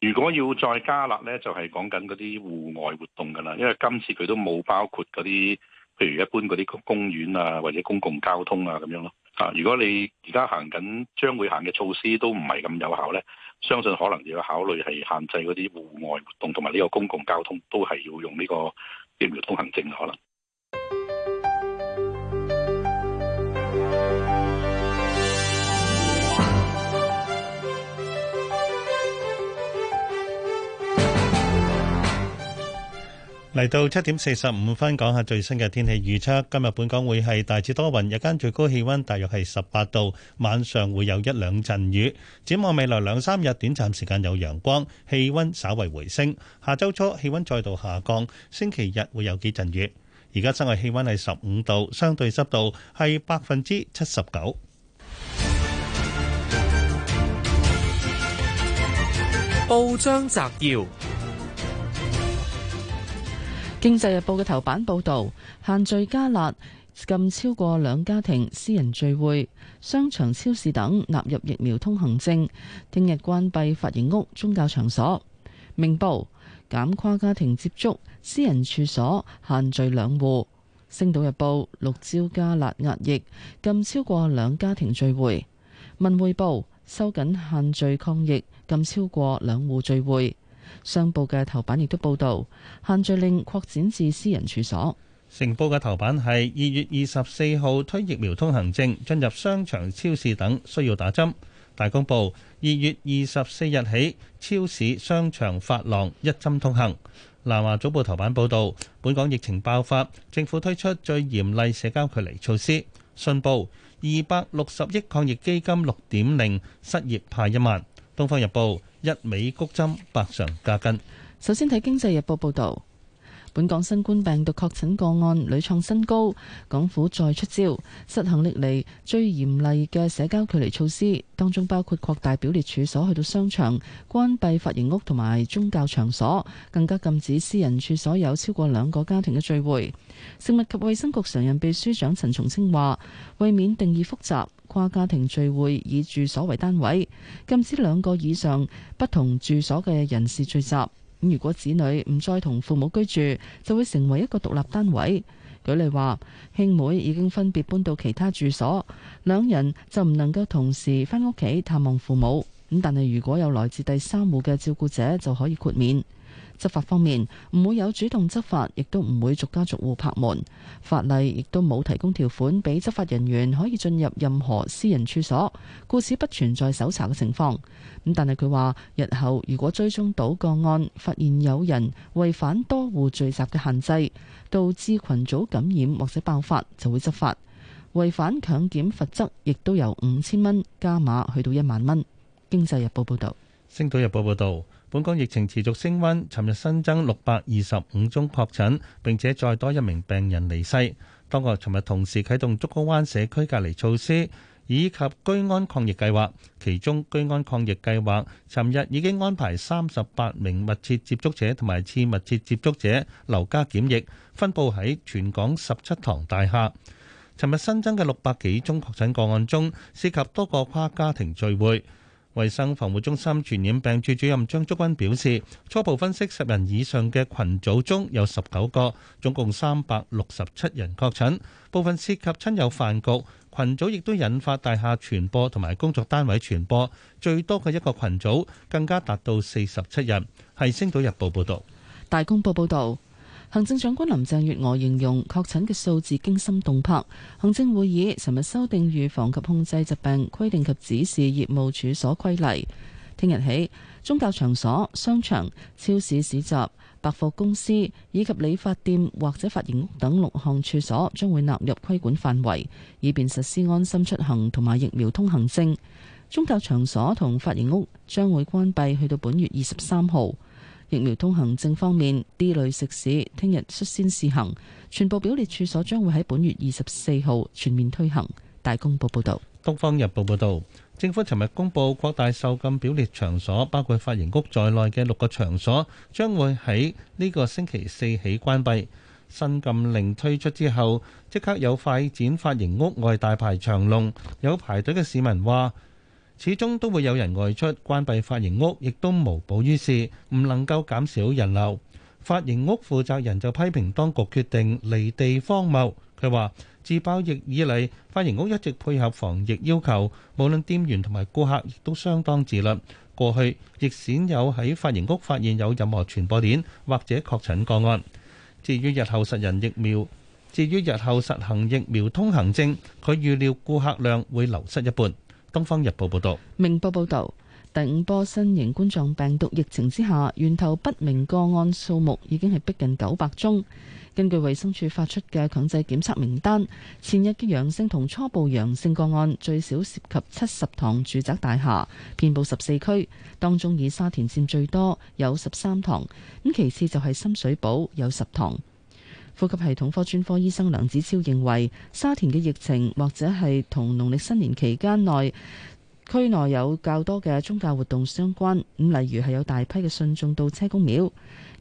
如果要再加辣呢，就係、是、講緊嗰啲戶外活動㗎喇，因為今次佢都冇包括嗰啲，譬如一般嗰啲公園啊，或者公共交通啊咁樣咯。啊！如果你而家行緊將會行嘅措施都唔係咁有效呢，相信可能要考慮係限制嗰啲戶外活動同埋呢個公共交通都係要用呢個疫苗通行證可能。嚟到七點四十五分，講下最新嘅天氣預測。今日本港會係大致多雲，日間最高氣溫大約係十八度，晚上會有一兩陣雨。展望未來兩三日，短暫時間有陽光，氣溫稍為回升。下周初氣溫再度下降，星期日會有幾陣雨。而家室外氣溫係十五度，相對濕度係百分之七十九。報章摘要。《經濟日報》嘅頭版報導：限聚加辣，禁超過兩家庭私人聚會，商場、超市等納入疫苗通行證。聽日關閉髮型屋、宗教場所。《明報》減跨家庭接觸，私人處所限聚兩戶。《星島日報》六招加辣壓疫，禁超過兩家庭聚會。《文匯報》收緊限聚抗疫，禁超過兩戶聚會。商報嘅頭版亦都報道限聚令擴展至私人處所。成報嘅頭版係二月二十四號推疫苗通行證進入商場、超市等需要打針。大公報二月二十四日起，超市、商場、髮廊一針通行。南華早報頭版報導，本港疫情爆發，政府推出最嚴厲社交距離措施。信報二百六十億抗疫基金六點零，失業派一萬。東方日報。一味谷針，百上加斤。首先睇《經濟日報》報導。本港新冠病毒確診個案屢創新高，港府再出招，實行歷嚟最嚴厲嘅社交距離措施，當中包括擴大表列處所去到商場、關閉髮型屋同埋宗教場所，更加禁止私人處所有超過兩個家庭嘅聚會。食物及衛生局常任秘書長陳松青話：為免定義複雜，跨家庭聚會以住所為單位，禁止兩個以上不同住所嘅人士聚集。如果子女唔再同父母居住，就會成為一個獨立單位。舉例話，兄妹已經分別搬到其他住所，兩人就唔能夠同時返屋企探望父母。咁但係如果有來自第三戶嘅照顧者，就可以豁免。執法方面唔會有主動執法，亦都唔會逐家逐戶拍門。法例亦都冇提供條款俾執法人員可以進入任何私人處所，故此不存在搜查嘅情況。咁但係佢話日後如果追蹤到個案，發現有人違反多戶聚集嘅限制，導致群組感染或者爆發，就會執法。違反強檢罰則，亦都由五千蚊加碼去到一萬蚊。經濟日報報道。星島日報報道。本港疫情持續升溫，尋日新增六百二十五宗確診，並且再多一名病人離世。當局尋日同時啟動竹篙灣社區隔離措施以及居安抗疫計劃，其中居安抗疫計劃尋日已經安排三十八名密切接觸者同埋次密切接觸者留家檢疫，分佈喺全港十七堂大廈。尋日新增嘅六百幾宗確診個案中，涉及多個跨家庭聚會。衛生防護中心傳染病處主任張竹君表示，初步分析十人以上嘅群組中有十九個，總共三百六十七人確診，部分涉及親友飯局，群組亦都引發大廈傳播同埋工作單位傳播，最多嘅一個群組更加達到四十七人。係《星島日報》報道，《大公報》報道。行政長官林鄭月娥形容確診嘅數字驚心動魄。行政會議尋日修訂預防及控制疾病規定及指示業務處所規例，聽日起宗教場所、商場、超市、市集、百貨公司以及理髮店或者髮型屋等六項處所將會納入規管範圍，以便實施安心出行同埋疫苗通行證。宗教場所同髮型屋將會關閉，去到本月二十三號。疫苗通行證方面，啲類食肆聽日率先試行，全部表列處所將會喺本月二十四號全面推行。大公報報道，東方日報報道，政府尋日公布擴大受禁表列場所，包括髮型屋在內嘅六個場所將會喺呢個星期四起關閉，新禁令推出之後即刻有快剪髮型屋外大排長龍，有排隊嘅市民話始終都會有人外出，關閉髮型屋亦都無補於事，唔能夠減少人流。髮型屋負責人就批評當局決定離地荒謬。佢話：自爆疫以嚟，髮型屋一直配合防疫要求，無論店員同埋顧客亦都相當自律。過去亦鮮有喺髮型屋發現有任何傳播鏈或者確診個案。至於日後實人疫苗，至於日後實行疫苗通行證，佢預料顧客量會流失一半。《東方日報》報道，《明報》報道，第五波新型冠狀病毒疫情之下，源頭不明個案數目已經係逼近九百宗。根據衛生署發出嘅強制檢測名單，前日嘅陽性同初步陽性個案最少涉及七十堂住宅大廈，遍布十四區，當中以沙田佔最多，有十三堂，咁其次就係深水埗有十堂。呼吸系統科專科醫生梁子超認為，沙田嘅疫情或者係同農曆新年期間內區內有較多嘅宗教活動相關，咁例如係有大批嘅信眾到車公廟，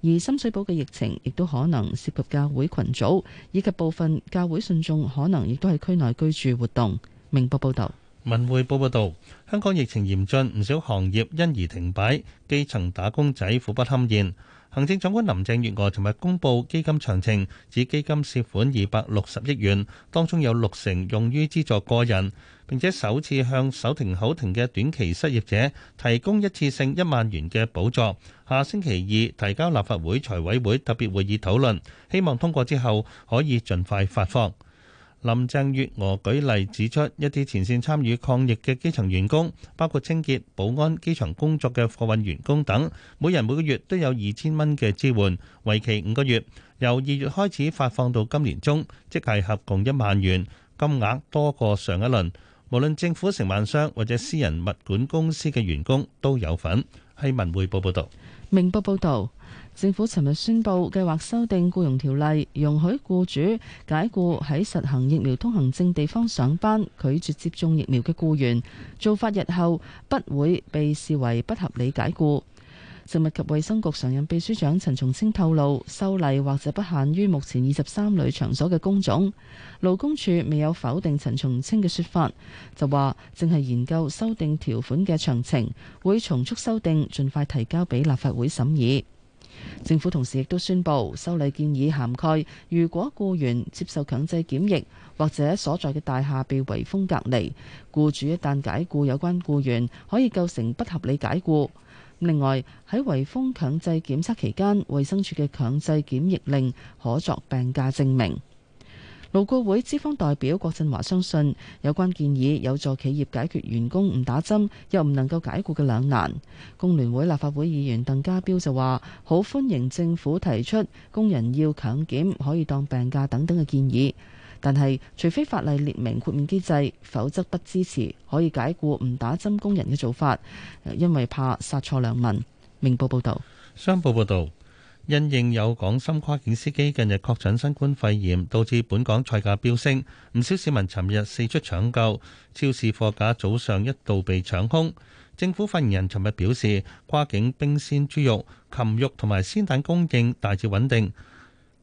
而深水埗嘅疫情亦都可能涉及教會群組，以及部分教會信眾可能亦都喺區內居住活動。明報報道：「文匯報報道，香港疫情嚴峻，唔少行業因而停擺，基層打工仔苦不堪言。」行政長官林鄭月娥尋日公布基金詳情，指基金涉款二百六十億元，當中有六成用於資助個人，並且首次向手停口停嘅短期失業者提供一次性一萬元嘅補助。下星期二提交立法會財委會特別會議討論，希望通過之後可以盡快發放。林鄭月娥舉例指出，一啲前線參與抗疫嘅基層員工，包括清潔、保安、機場工作嘅貨運員工等，每人每個月都有二千蚊嘅支援，為期五個月，由二月開始發放到今年中，即係合共一萬元，金額多過上一輪。無論政府、承辦商或者私人物管公司嘅員工都有份。係文匯報報導，明報報導。政府尋日宣布，計劃修訂雇傭條例，容許雇主解雇喺實行疫苗通行證地方上班，拒絕接種疫苗嘅雇員，做法日後不會被視為不合理解雇。食物及衛生局常任秘書長陳松青透露，修例或者不限於目前二十三類場所嘅工種。勞工處未有否定陳松青嘅説法，就話正係研究修訂條款嘅詳情，會從速修訂，盡快提交俾立法會審議。政府同時亦都宣布修例建議涵蓋，如果雇員接受強制檢疫或者所在嘅大廈被圍封隔離，雇主一旦解雇有關雇員，可以構成不合理解雇。另外喺圍封強制檢測期間，衛生署嘅強制檢疫令可作病假證明。勞顧會資方代表郭振華相信有關建議有助企業解決員工唔打針又唔能夠解雇嘅兩難。工聯會立法會議員鄧家彪就話：好歡迎政府提出工人要強檢可以當病假等等嘅建議，但係除非法例列明豁免機制，否則不支持可以解雇唔打針工人嘅做法，因為怕殺錯良民。明報報道，商報報道。因應有港深跨境司機近日確診新冠肺炎，導致本港菜價飆升，唔少市民尋日四出搶購，超市貨架早上一度被搶空。政府發言人尋日表示，跨境冰鮮豬肉、禽肉同埋鮮蛋供應大致穩定，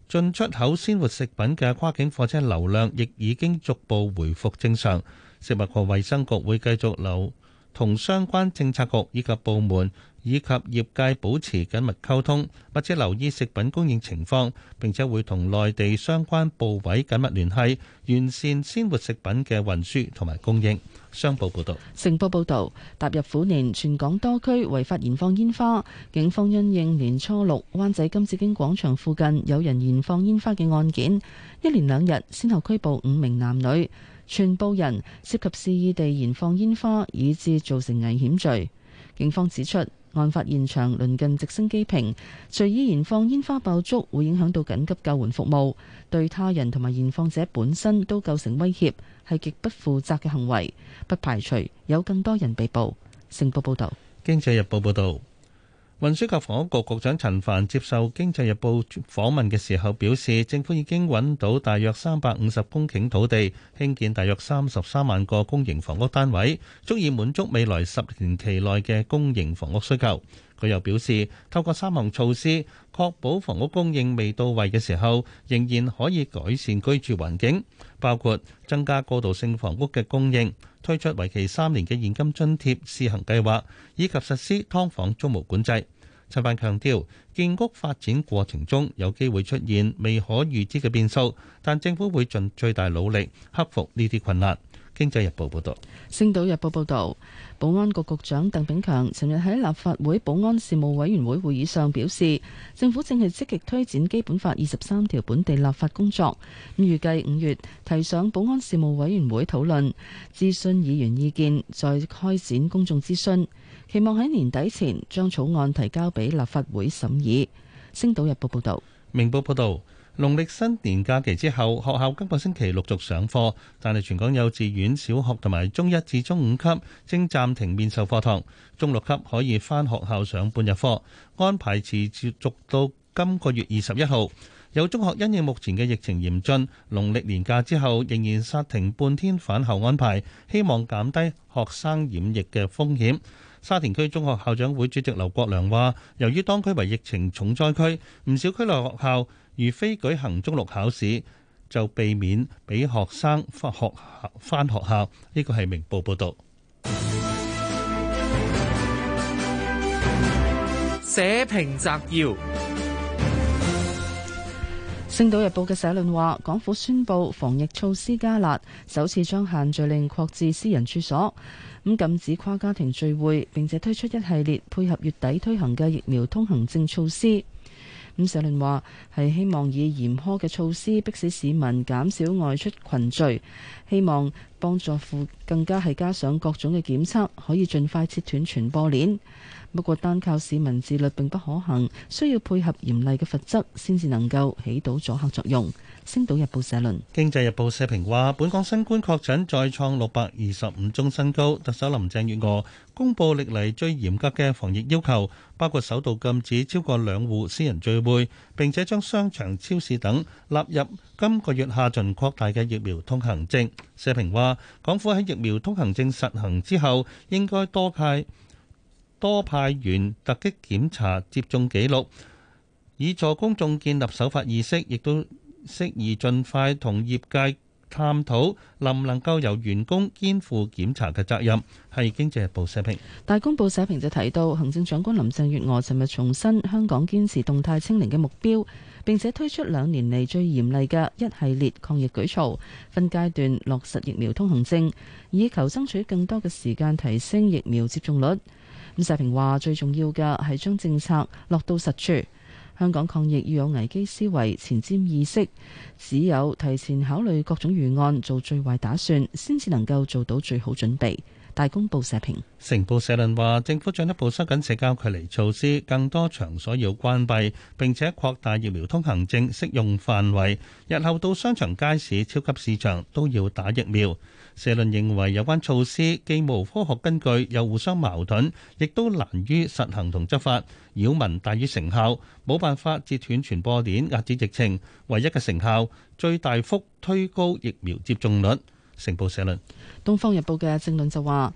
進出口鮮活食品嘅跨境貨車流量亦已經逐步回復正常。食物及衛生局會繼續留。同相關政策局以及部門以及業界保持緊密溝通，或者留意食品供應情況，並且會同內地相關部委緊密聯繫，完善鮮活食品嘅運輸同埋供應。商報報道，成報報導，踏入虎年，全港多區違法燃放煙花，警方因應年初六灣仔金紫荊廣場附近有人燃放煙花嘅案件，一連兩日，先後拘捕五名男女。全部人涉及肆意地燃放煙花，以致造成危險罪。警方指出，案發現場鄰近直升機坪，隨意燃放煙花爆竹會影響到緊急救援服務，對他人同埋燃放者本身都構成威脅，係極不負責嘅行為。不排除有更多人被捕。星報報道，經濟日報報道。運輸及房屋局局長陳帆接受《經濟日報》訪問嘅時候表示，政府已經揾到大約三百五十公頃土地興建大約三十三萬個公營房屋單位，足以滿足未來十年期內嘅公營房屋需求。佢又表示，透過三項措施，確保房屋供應未到位嘅時候，仍然可以改善居住環境，包括增加過渡性房屋嘅供應。推出為期三年嘅現金津貼試行計劃，以及實施劏房租務管制。陳帆強調，建屋發展過程中有機會出現未可預知嘅變數，但政府會盡最大努力克服呢啲困難。《經濟日報》報導，《星島日報》報道：保安局局長鄧炳強尋日喺立法會保安事務委員會會議上表示，政府正係積極推展《基本法》二十三條本地立法工作，預計五月提上保安事務委員會討論，諮詢議員意見，再開展公眾諮詢，期望喺年底前將草案提交俾立法會審議。《星島日報》報道，《明報》報道。農曆新年假期之後，學校今個星期陸續上課，但係全港幼稚園、小學同埋中一至中五級正暫停面授課課堂，中六級可以翻學校上半日課，安排持續到今個月二十一號。有中學因應目前嘅疫情嚴峻，農曆年假之後仍然煞停半天返校安排，希望減低學生染疫嘅風險。沙田區中學校長會主席劉國良話，由於當區為疫情重災區，唔少區內學校。如非舉行中六考試，就避免俾學生翻學校翻學校。呢個係明報報導。社評摘要，《星島日報》嘅社論話：港府宣布防疫措施加辣，首次將限聚令擴至私人住所，咁禁止跨家庭聚會，並且推出一系列配合月底推行嘅疫苗通行證措施。咁社論話係希望以嚴苛嘅措施迫使市民減少外出群聚，希望幫助負更加係加上各種嘅檢測，可以盡快切斷傳播鏈。不過單靠市民自律並不可行，需要配合嚴厲嘅罰則，先至能夠起到阻嚇作用。《星島日報》社論，《經濟日報》社評話，本港新冠確診再創六百二十五宗新高。特首林鄭月娥公布歷嚟最嚴格嘅防疫要求，包括首度禁止超過兩戶私人聚會，並且將商場、超市等納入今個月下旬擴大嘅疫苗通行證。社評話，港府喺疫苗通行證實行之後，應該多派多派員突擊檢查接種記錄，以助公眾建立守法意識，亦都，適宜盡快同業界探討，能唔能夠由員工肩負檢查嘅責任？係《經濟日報》社評。大公報社評，就提到，行政長官林鄭月娥尋日重申香港堅持動態清零嘅目標，並且推出兩年嚟，最嚴厲嘅一系列抗疫舉措，分階段落實疫苗通行證，以求爭取更多嘅時間提升疫苗接種率。咁社評話，最重要嘅係將政策落到實處。香港抗疫要有危機思維、前瞻意識，只有提前考慮各種預案，做最壞打算，先至能夠做到最好準備。大公報社評，成報社論話，政府進一步收緊社交距離措施，更多場所要關閉，並且擴大疫苗通行證適用範圍，日後到商場街市、超級市場都要打疫苗。社論認為有關措施既無科學根據，又互相矛盾，亦都難於實行同執法，擾民大於成效，冇辦法截斷傳播鏈、壓止疫情。唯一嘅成效，最大幅推高疫苗接種率。成報社論，《東方日報》嘅正論就話：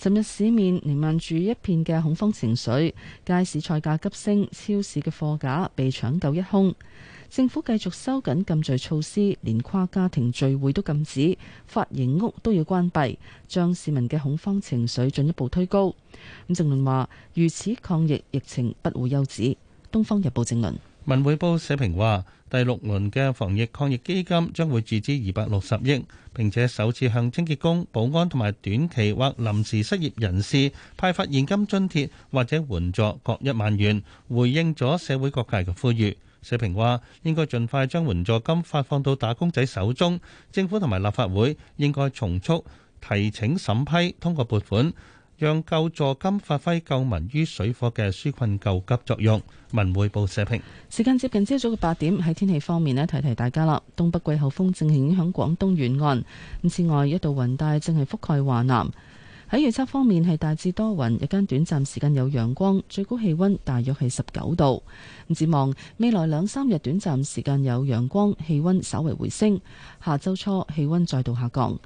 尋日市面瀰漫住一片嘅恐慌情緒，街市菜價急升，超市嘅貨架被搶購一空。政府繼續收緊禁聚措施，連跨家庭聚會都禁止，髮型屋都要關閉，將市民嘅恐慌情緒進一步推高。咁政論話：如此抗疫疫情不會休止。《東方日報》正論。《文匯報》社評話，第六輪嘅防疫抗疫基金將會注資二百六十億，並且首次向清潔工、保安同埋短期或臨時失業人士派發現金津貼或者援助各一萬元，回應咗社會各界嘅呼籲。社評話，應該盡快將援助金發放到打工仔手中。政府同埋立法會應該從速提請審批通過撥款，讓救助金發揮救民於水火嘅紓困救急作用。文匯報社評。時間接近朝早嘅八點，喺天氣方面呢，提提大家啦。東北季候風正係影響廣東沿岸，咁此外一道雲帶正係覆蓋華南。喺預測方面係大致多雲，日間短暫時間有陽光，最高氣溫大約係十九度。咁展望未來兩三日短暫時間有陽光，氣溫稍為回升。下週初氣溫再度下降。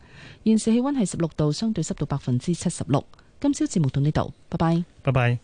現時氣溫係十六度，相對濕度百分之七十六。今朝節目到呢度，拜拜。拜拜。